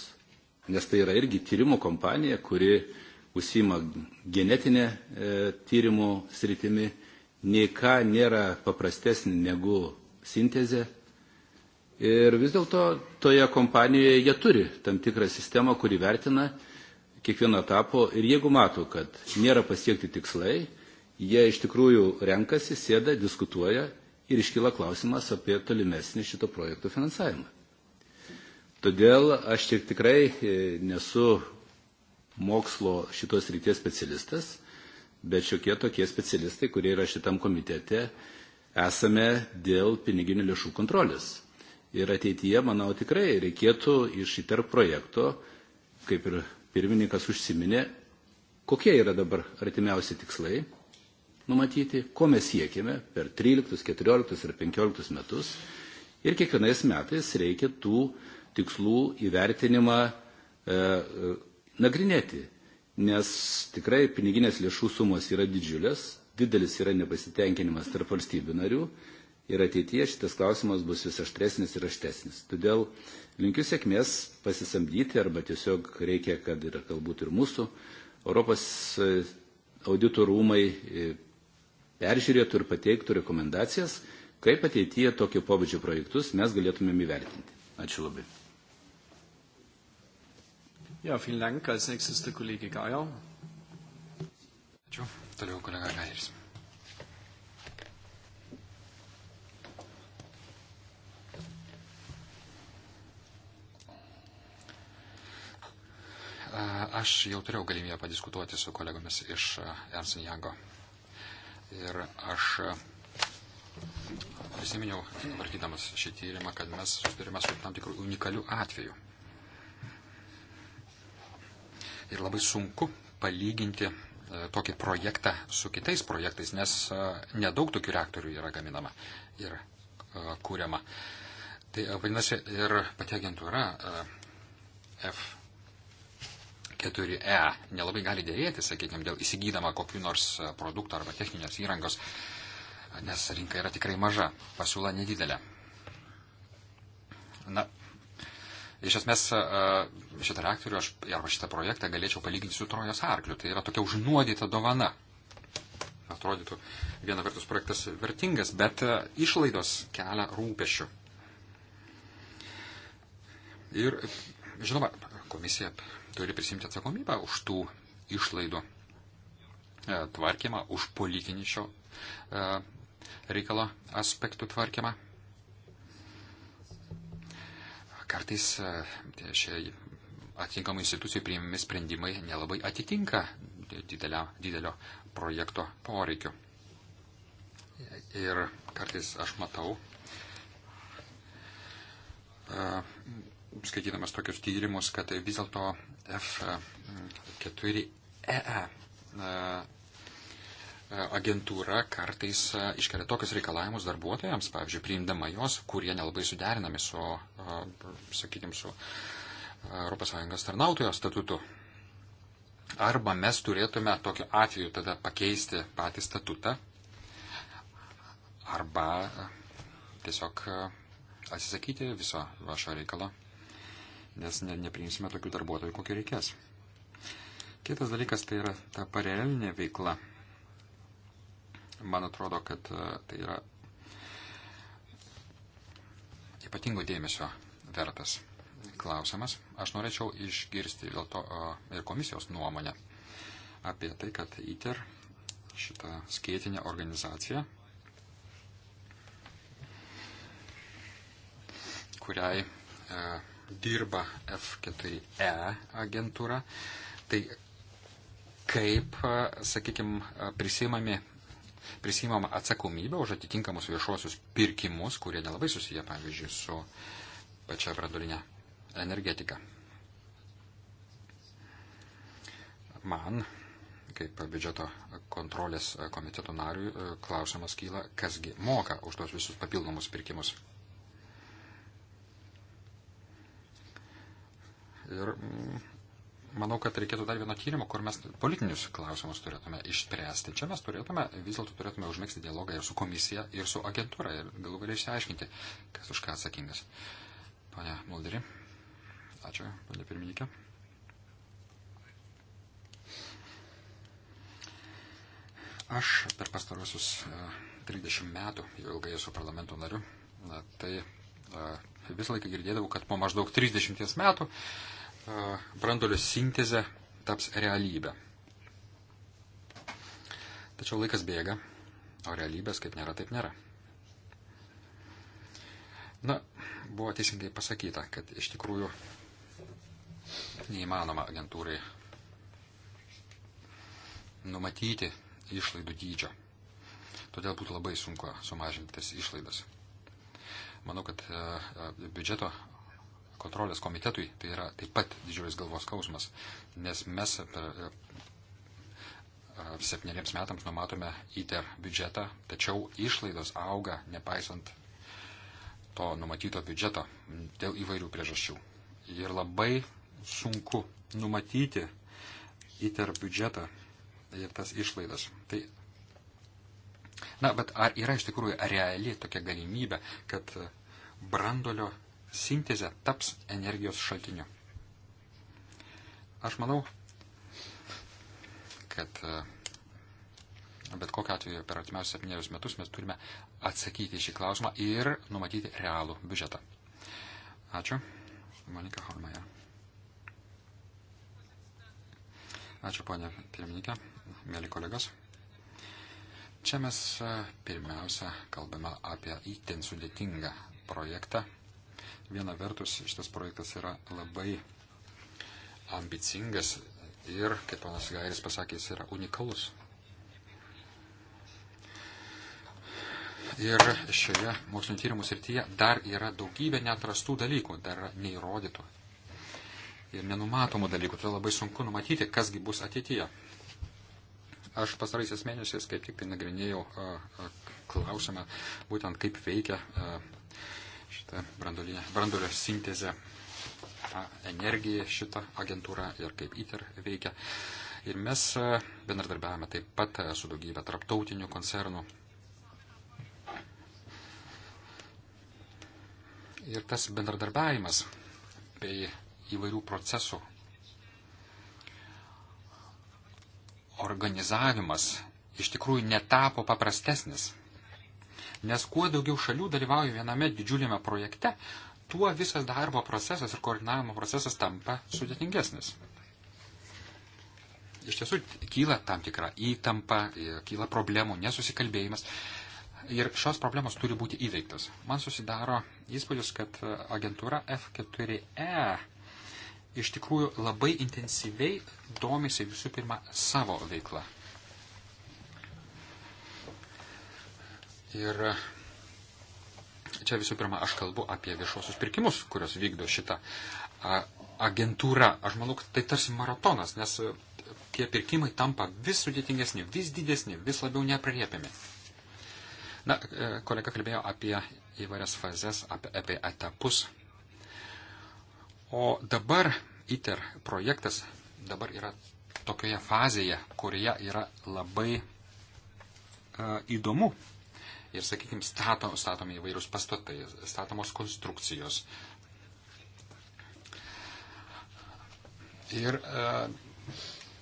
nes tai yra irgi tyrimų kompanija, kuri užsima genetinė e, tyrimų sritimi, nei ką nėra paprastesnė negu sintezė. Ir vis dėlto toje kompanijoje jie turi tam tikrą sistemą, kuri vertina kiekvieno etapo ir jeigu mato, kad nėra pasiekti tikslai, jie iš tikrųjų renkasi, sėda, diskutuoja ir iškyla klausimas apie tolimesnį šito projekto finansavimą. Todėl aš ir tikrai e, nesu mokslo šitos ryties specialistas, bet šiokie tokie specialistai, kurie yra šitam komitete, esame dėl piniginių lėšų kontrolės. Ir ateityje, manau, tikrai reikėtų iš įterp projekto, kaip ir pirmininkas užsiminė, kokie yra dabar artimiausi tikslai numatyti, ko mes siekime per 13, 14 ir 15 metus. Ir kiekvienais metais reikia tų uh, tikslų įvertinimą e, e, nagrinėti, nes tikrai piniginės lėšų sumos yra didžiulės, didelis yra nepasitenkinimas tarp valstybių narių ir ateityje šitas klausimas bus vis aštresnis ir aštesnis. Todėl linkiu sėkmės pasisamdyti arba tiesiog reikia, kad ir galbūt ir mūsų Europos e, audito rūmai e, peržiūrėtų ir pateiktų rekomendacijas, kaip ateityje tokio pobūdžio projektus mes galėtumėm įvertinti. Ačiū labai. Ja, vielen Dank. Als nächstes der Kollege Geier. Ačiū. Toliau kolega Geiris. Aš jau turėjau galimybę padiskutuoti su kolegomis iš Ernst Jango. Ir aš prisiminiau, vartydamas šį tyrimą, kad mes susidurime su tam tikrų unikalių atvejų ir labai sunku palyginti e, tokį projektą su kitais projektais, nes e, nedaug tokių reaktorių yra gaminama ir e, kūriama. Tai vadinasi, ir pati agentūra F4E nelabai gali dėrėti, sakykime, dėl įsigydama kokiu nors produktų arba techninės įrangos, nes rinka yra tikrai maža, pasiūla nedidelė. Na, Iš esmės šitą reaktorių aš, arba šitą projektą galėčiau palyginti su Trojos arkliu. Tai yra tokia užnuodyta dovana. Atrodytų, viena vertus projektas vertingas, bet išlaidos kelia rūpešių. Ir, žinoma, komisija turi prisimti atsakomybę už tų išlaidų tvarkymą, už politinį šio reikalo aspektų tvarkymą kartais e, šie atitinkamų institucijų priimami sprendimai nelabai atitinka didelio, didelio projekto poreikiu. Ir kartais aš matau, e, skaitydamas tokius tyrimus, kad vis dėlto F4EE agentūra kartais e, iškelia tokius reikalavimus darbuotojams, pavyzdžiui, priimdama jos, kurie nelabai suderinami su, e, sakykime, su ES tarnautojo statutu. Arba mes turėtume tokiu atveju tada pakeisti patį statutą, arba tiesiog e, atsisakyti viso vašo reikalo, nes ne, nepriimsime tokių darbuotojų, kokiu reikės. Kitas dalykas tai yra ta paralelinė veikla man atrodo, kad e, tai yra ypatingo dėmesio vertas klausimas. Aš norėčiau išgirsti dėl to e, ir komisijos nuomonę apie tai, kad ITER šitą skėtinę organizaciją, kuriai e, dirba F4E agentūra, tai kaip, e, sakykime, prisimami prisimam atsakomybę už atitinkamus viešuosius pirkimus, kurie nelabai susiję, pavyzdžiui, su pačia brandulinė energetika. Man, kaip biudžeto kontrolės komiteto nariui, klausimas kyla, kasgi moka už tos visus papildomus pirkimus. Ir mm, manau, kad reikėtų dar vieno tyrimo, kur mes politinius klausimus turėtume išspręsti. Čia mes turėtume, vis dėlto turėtume užmėgsti dialogą ir su komisija, ir su agentūra, ir galų galiai išsiaiškinti, kas už ką atsakingas. Pane Mulderi, ačiū, pane pirmininkė. Aš per pastaruosius 30 e, metų, jau ilgai esu parlamento nariu, na, tai e, vis laiką girdėdavau, kad po maždaug 30 metų brandolio sintezė taps realybė. Tačiau laikas bėga, o realybės kaip nėra, taip nėra. Na, buvo teisingai pasakyta, kad iš tikrųjų neįmanoma agentūrai numatyti išlaidų dydžio. Todėl būtų labai sunku sumažinti tas išlaidas. Manau, kad biudžeto kontrolės komitetui tai yra taip pat didžiulis galvos skausmas, nes mes per e, septyneriems metams numatome ITER biudžetą, tačiau išlaidos auga nepaisant to numatyto biudžeto dėl įvairių priežasčių. Ir labai sunku numatyti ITER biudžetą ir tas išlaidas. Tai Na, bet ar yra iš tikrųjų reali tokia galimybė, kad brandolio sintezė taps energijos šaltiniu. Aš manau, kad e, bet kokiu atveju per artimiausius septynerius metus mes turime atsakyti šį klausimą ir numatyti realų biudžetą. Ačiū. Monika Holmaja. Ačiū, ponė pirmininkė, mėly kolegos. Čia mes e, pirmiausia kalbame apie įtin sudėtingą projektą Viena vertus, šitas projektas yra labai ambicingas ir, kaip panas Gairis pasakė, jis yra unikalus. Ir šioje mokslinio tyrimų srityje dar yra daugybė netrastų dalykų, dar yra neįrodytų ir nenumatomų dalykų. Todėl labai sunku numatyti, kasgi bus ateityje. Aš pasaraisiais mėnesiais kaip tik tai nagrinėjau klausimą, būtent kaip veikia a, tą brandulio sintezę, energiją šitą agentūrą ir kaip ITER veikia. Ir mes bendradarbiavame taip pat su daugybė tarptautinių koncernų. Ir tas bendradarbiavimas bei įvairių procesų organizavimas iš tikrųjų netapo paprastesnis Nes kuo daugiau šalių dalyvauja viename didžiuliame projekte, tuo visas darbo procesas ir koordinavimo procesas tampa sudėtingesnis. Iš tiesų kyla tam tikra įtampa, kyla problemų, nesusikalbėjimas. Ir šios problemos turi būti įveiktas. Man susidaro įspūdis, kad agentūra F4E iš tikrųjų labai intensyviai domisi visų pirma savo veikla. Ir čia visų pirma, aš kalbu apie viešuosius pirkimus, kurios vykdo šitą agentūrą. Aš manau, kad tai tarsi maratonas, nes e, tie pirkimai tampa vis sudėtingesni, vis didesni, vis labiau nepriepiami. Na, e, kolega kalbėjo apie įvairias fazes, apie, apie etapus. O dabar ITER projektas dabar yra tokioje fazėje, kurioje yra labai uh, įdomu ir, sakykime, stato, statomi įvairūs pastatai, statomos konstrukcijos. Ir e,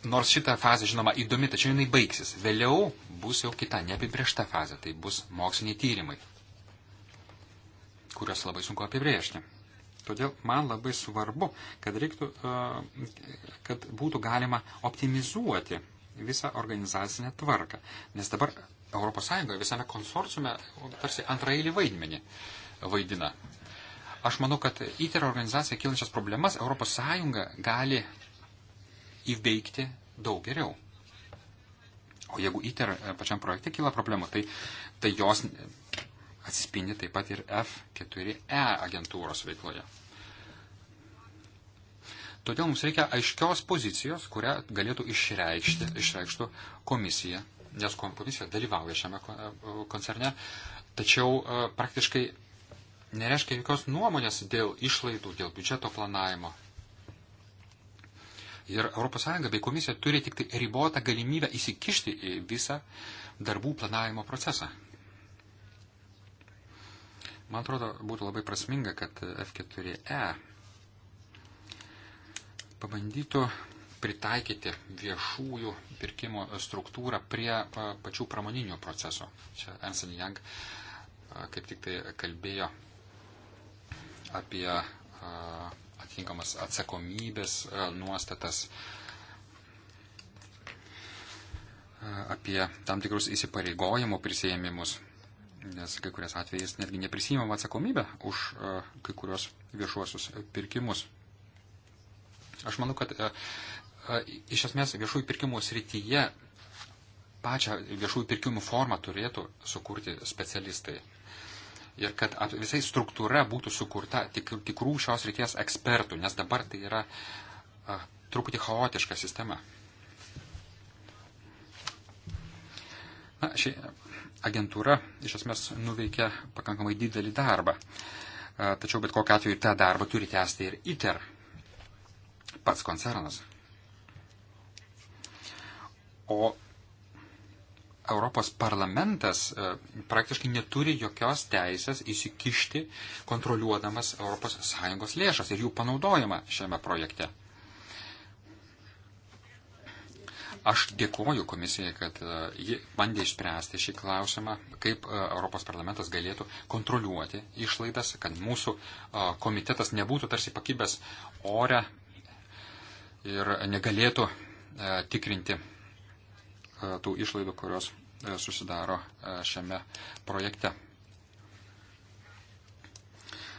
nors šita fazė, žinoma, įdomi, tačiau jinai baigsis. Vėliau bus jau kita neapibriešta fazė, tai bus moksliniai tyrimai, kurios labai sunku apibriežti. Todėl man labai svarbu, kad, reiktų, e, kad būtų galima optimizuoti visą organizacinę tvarką. Nes dabar ES visame konsorciume tarsi antrailį vaidmenį vaidina. Aš manau, kad ITER organizacija kilančias problemas ES gali įveikti daug geriau. O jeigu ITER pačiam projekte kyla problemų, tai, tai jos atsispindi taip pat ir F4E agentūros veikloje. Todėl mums reikia aiškios pozicijos, kurią galėtų išreikšti, išreikštų komisija nes kompozicija dalyvauja šiame koncerne, tačiau e, praktiškai nereiškia jokios nuomonės dėl išlaidų, dėl biudžeto planavimo. Ir ES bei komisija turi tik tai ribotą galimybę įsikišti į visą darbų planavimo procesą. Man atrodo, būtų labai prasminga, kad F4E pabandytų pritaikyti viešųjų pirkimo struktūrą prie pačių pramoninių procesų. Čia Ernst Young kaip tik tai kalbėjo apie atitinkamas atsakomybės nuostatas, apie tam tikrus įsipareigojimų prisėmimus, nes kai kurias atvejais netgi neprisimam atsakomybę už kai kurios viešuosius pirkimus. Aš manau, kad iš esmės viešųjų pirkimų srityje pačią viešųjų pirkimų formą turėtų sukurti specialistai. Ir kad visai struktūra būtų sukurta tik, tikrų šios ryties ekspertų, nes dabar tai yra a, truputį chaotiška sistema. Na, ši agentūra iš esmės nuveikia pakankamai didelį darbą. A, tačiau bet kokiu atveju tą darbą turi tęsti ir ITER, pats koncernas. O Europos parlamentas e, praktiškai neturi jokios teisės įsikišti, kontroliuodamas ES lėšas ir jų panaudojimą šiame projekte. Aš dėkoju komisijai, kad e, ji bandė išspręsti šį klausimą, kaip e, Europos parlamentas galėtų kontroliuoti išlaidas, kad mūsų komitetas nebūtų tarsi pakibęs ore ir negalėtų tikrinti E, tų išlaidų, kurios e, susidaro e, šiame projekte.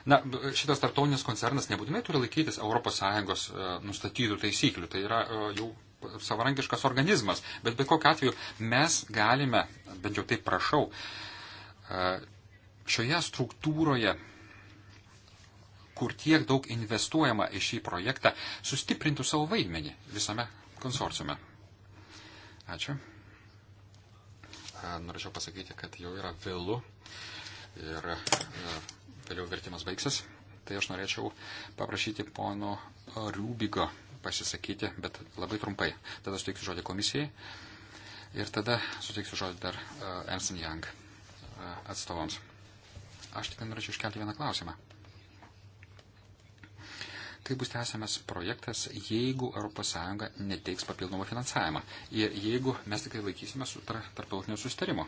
Na, šitas tarptautinis koncernas nebūtinai turi laikytis ES nustatytų taisyklių, tai yra jau savarankiškas organizmas, bet bet kokiu atveju mes galime, bent jau taip prašau, šioje struktūroje, kur tiek daug investuojama į šį projektą, sustiprintų savo vaidmenį visame konsorciume. Ačiū norėčiau pasakyti, kad jau yra vėlų ir e, vėliau vertimas baigsis. Tai aš norėčiau paprašyti pono Rūbigo pasisakyti, bet labai trumpai. Tada suteiksiu žodį komisijai ir tada suteiksiu žodį dar e, Ernst Young e, atstovams. Aš tik norėčiau iškelti vieną klausimą tai bus tęsiamas projektas, jeigu ES neteiks papildomą finansavimą ir jeigu mes tikrai laikysime su tarptautinio sustarimo.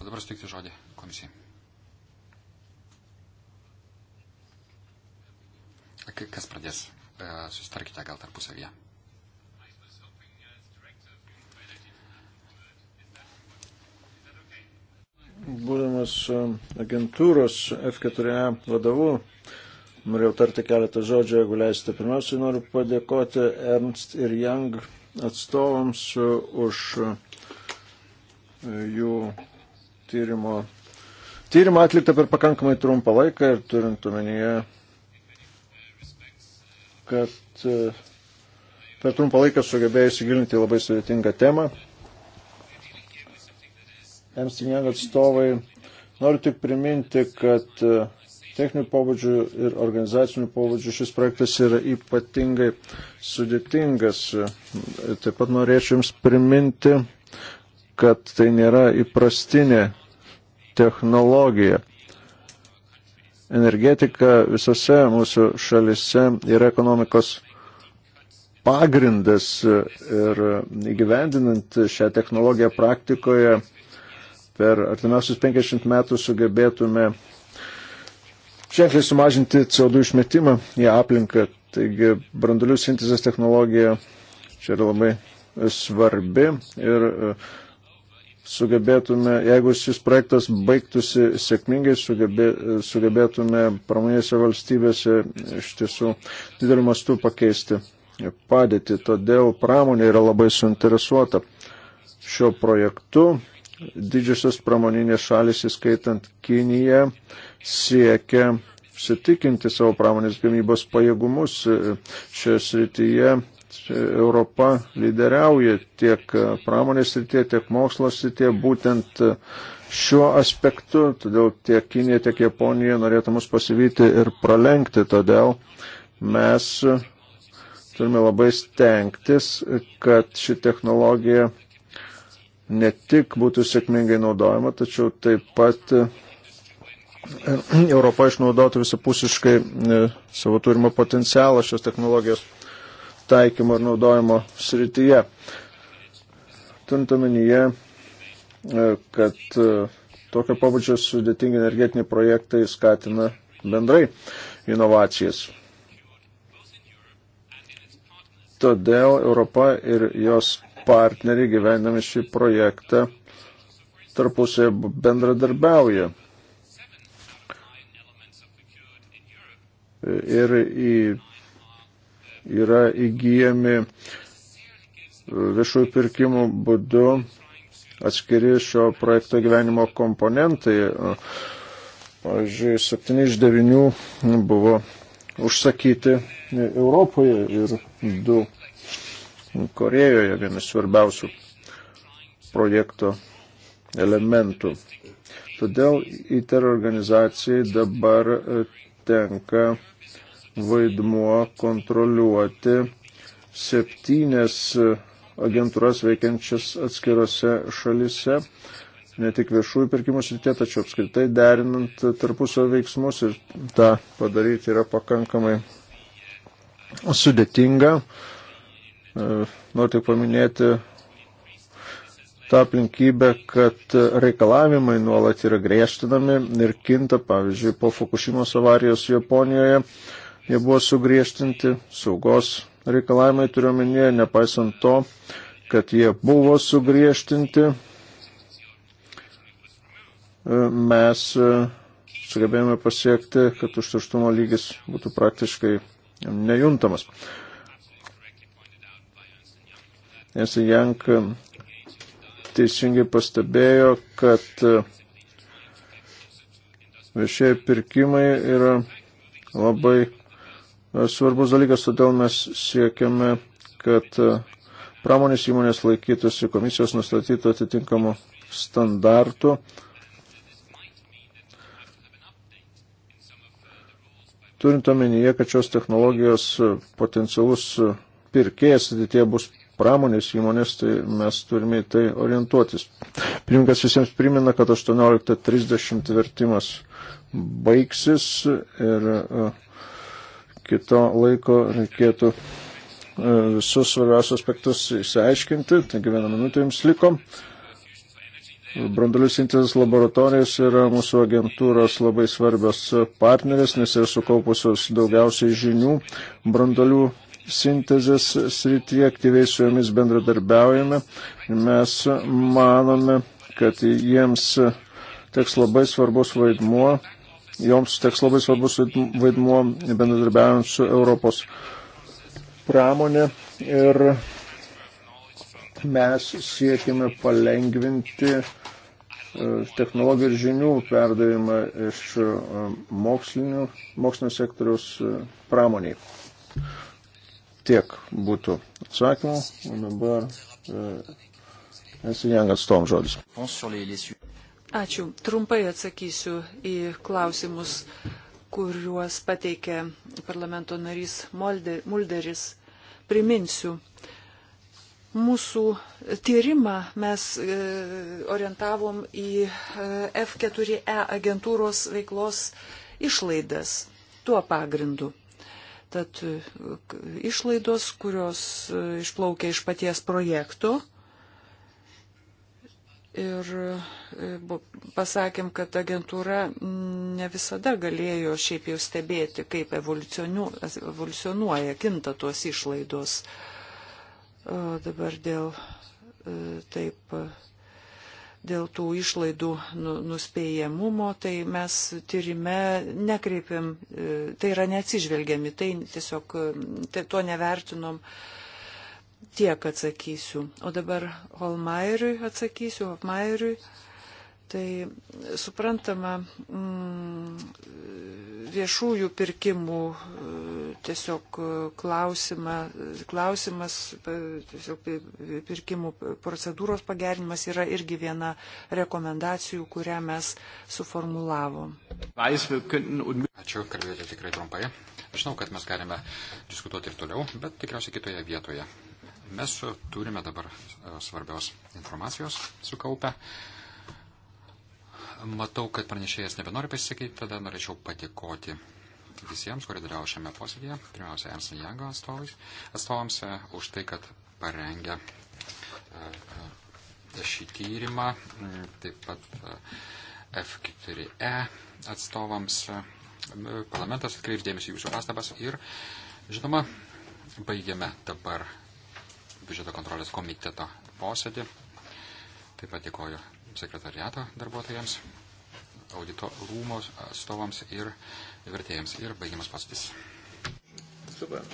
O dabar sutikti žodį komisijai. Kas pradės? E, Susitarkite gal tarpusavyje. Būdamas e, agentūros F4A vadovu, Norėjau tarti keletą žodžių, jeigu leisite. Pirmiausiai noriu padėkoti Ernst ir Young atstovams už e, jų tyrimo, tyrimą atliktą per pakankamai trumpą laiką ir turint omenyje, kad e, per trumpą laiką sugebėjo įsigilinti labai sudėtingą temą. Ernst ir Young atstovai noriu tik priminti, kad e, techninių pobūdžių ir organizacinių pobūdžių šis projektas yra ypatingai sudėtingas. Taip pat norėčiau Jums priminti, kad tai nėra įprastinė technologija. Energetika visose mūsų šalise yra ekonomikos pagrindas ir įgyvendinant šią technologiją praktikoje per artimiausius 50 metų sugebėtume ženkliai sumažinti CO2 išmetimą į aplinką. Taigi brandulių sintezės technologija čia yra labai e, svarbi ir e, sugebėtume, jeigu šis projektas baigtųsi sėkmingai, sugebė, e, sugebėtume pramonėse valstybėse iš tiesų dideliu mastu pakeisti padėtį. Todėl pramonė yra labai suinteresuota šio projektu. Didžiosios pramoninės šalis, įskaitant Kiniją, siekia sitikinti savo pramonės gamybos pajėgumus e, šioje srityje. E, Europa lyderiauja tiek pramonės srityje, tiek mokslo srityje, būtent e, šiuo aspektu, todėl tiek Kinė, tiek Japonija norėtų mus pasivyti ir pralenkti, todėl mes turime labai stengtis, kad ši technologija ne tik būtų sėkmingai naudojama, tačiau taip pat Europa išnaudotų visapusiškai e, savo turimą potencialą šios technologijos taikymo ir naudojimo srityje. Tantaminyje, e, kad e, tokio pabudžio sudėtingi energetiniai projektai skatina bendrai inovacijas. Todėl Europa ir jos partneriai gyvenami šį projektą tarpusėje bendradarbiauja ir į, yra įgyjami viešųjų pirkimų būdu atskiri šio projekto gyvenimo komponentai. Pavyzdžiui, 7 iš 9 buvo užsakyti Europoje ir 2 Korejoje, vienas svarbiausių projekto elementų. Todėl ITER organizacijai dabar tenka vaidmuo kontroliuoti septynės agentūras veikiančias atskirose šalise, ne tik viešųjų pirkimų srityje, tačiau apskritai derinant tarpusio veiksmus ir tą padaryti yra pakankamai sudėtinga. E, noriu tik paminėti tą aplinkybę, kad reikalavimai nuolat yra griežtinami ir kinta, pavyzdžiui, po Fukushimos avarijos Japonijoje jie buvo sugriežtinti, saugos reikalavimai turiuomenėje, nepaisant to, kad jie buvo sugriežtinti, e, mes e, sugebėjome pasiekti, kad užterštumo lygis būtų praktiškai nejuntamas. Nes Jank e, teisingai pastebėjo, kad viešieji pirkimai yra labai svarbus dalykas, todėl mes siekiame, kad e, pramonės įmonės laikytųsi komisijos nustatytų atitinkamų standartų. Turint omenyje, kad šios technologijos e, potencialus e, pirkėjas ateitie bus pramonės įmonės, tai mes turime į tai orientuotis. Pirmininkas visiems primena, kad 18.30 vertimas baigsis ir uh, kito laiko reikėtų e, visus svarbiausius aspektus išsiaiškinti. Taigi vieną minutę jums liko. Brandulių sintezės laboratorijos yra mūsų agentūros labai svarbios partnerės, nes yra sukaupusios daugiausiai žinių brandulių sintezės srityje, aktyviai su jomis bendradarbiaujame. Mes manome, kad jiems teks labai svarbus vaidmuo joms teks labai svarbus vaidmuo bendradarbiaujant su Europos pramonė ir mes siekime palengvinti e, technologijų ir žinių perdavimą iš e, mokslinio sektoriaus e, pramoniai. Tiek būtų atsakymų. O dabar Esu Jangas Tom žodis. Ačiū. Trumpai atsakysiu į klausimus, kuriuos pateikė parlamento narys Mulderis. Priminsiu, mūsų tyrimą mes e, orientavom į F4E e agentūros veiklos išlaidas tuo pagrindu. Tad e, išlaidos, kurios išplaukia iš paties projekto, ir e, pasakėm, kad agentūra ne visada galėjo šiaip jau stebėti, kaip evoliucionuoja, kinta tos išlaidos. O dabar dėl e, taip. Dėl tų išlaidų nu, nuspėjamumo, tai mes tyrime nekreipiam, e, tai yra neatsižvelgiami, tai tiesiog tai tuo nevertinom uh, tiek atsakysiu. O dabar Holmairiui atsakysiu, Hopmairiui. Tai suprantama, mm, viešųjų pirkimų e, tiesiog e, klausima, klausimas, e, tiesiog pirkimų procedūros pagerinimas yra irgi viena rekomendacijų, kurią mes suformulavom. Ačiū, kalbėjote tikrai trumpai. Žinau, kad mes galime diskutuoti ir toliau, bet tikriausiai kitoje vietoje. Mes turime dabar e, svarbios informacijos sukaupę. Matau, kad pranešėjas nebenori pasisakyti, tada norėčiau padėkoti visiems, kurie dalyvavo šiame posėdėje, pirmiausia, Ernst Jango atstovams, atstovams e, už tai, kad parengė e, šį tyrimą, mm, taip pat F4E atstovams. Parlamentas atkreips dėmesį jūsų pastabas ir, žinoma, baigiame dabar biudžeto kontrolės komiteto posėdį. Taip pat dėkoju sekretariato darbuotojams, audito rūmo atstovams ir vertėjams. Ir baigiamas posėdis. Super.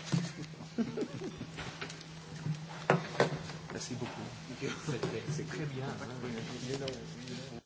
Merci beaucoup. C'est très bien. Hein. You know, you know.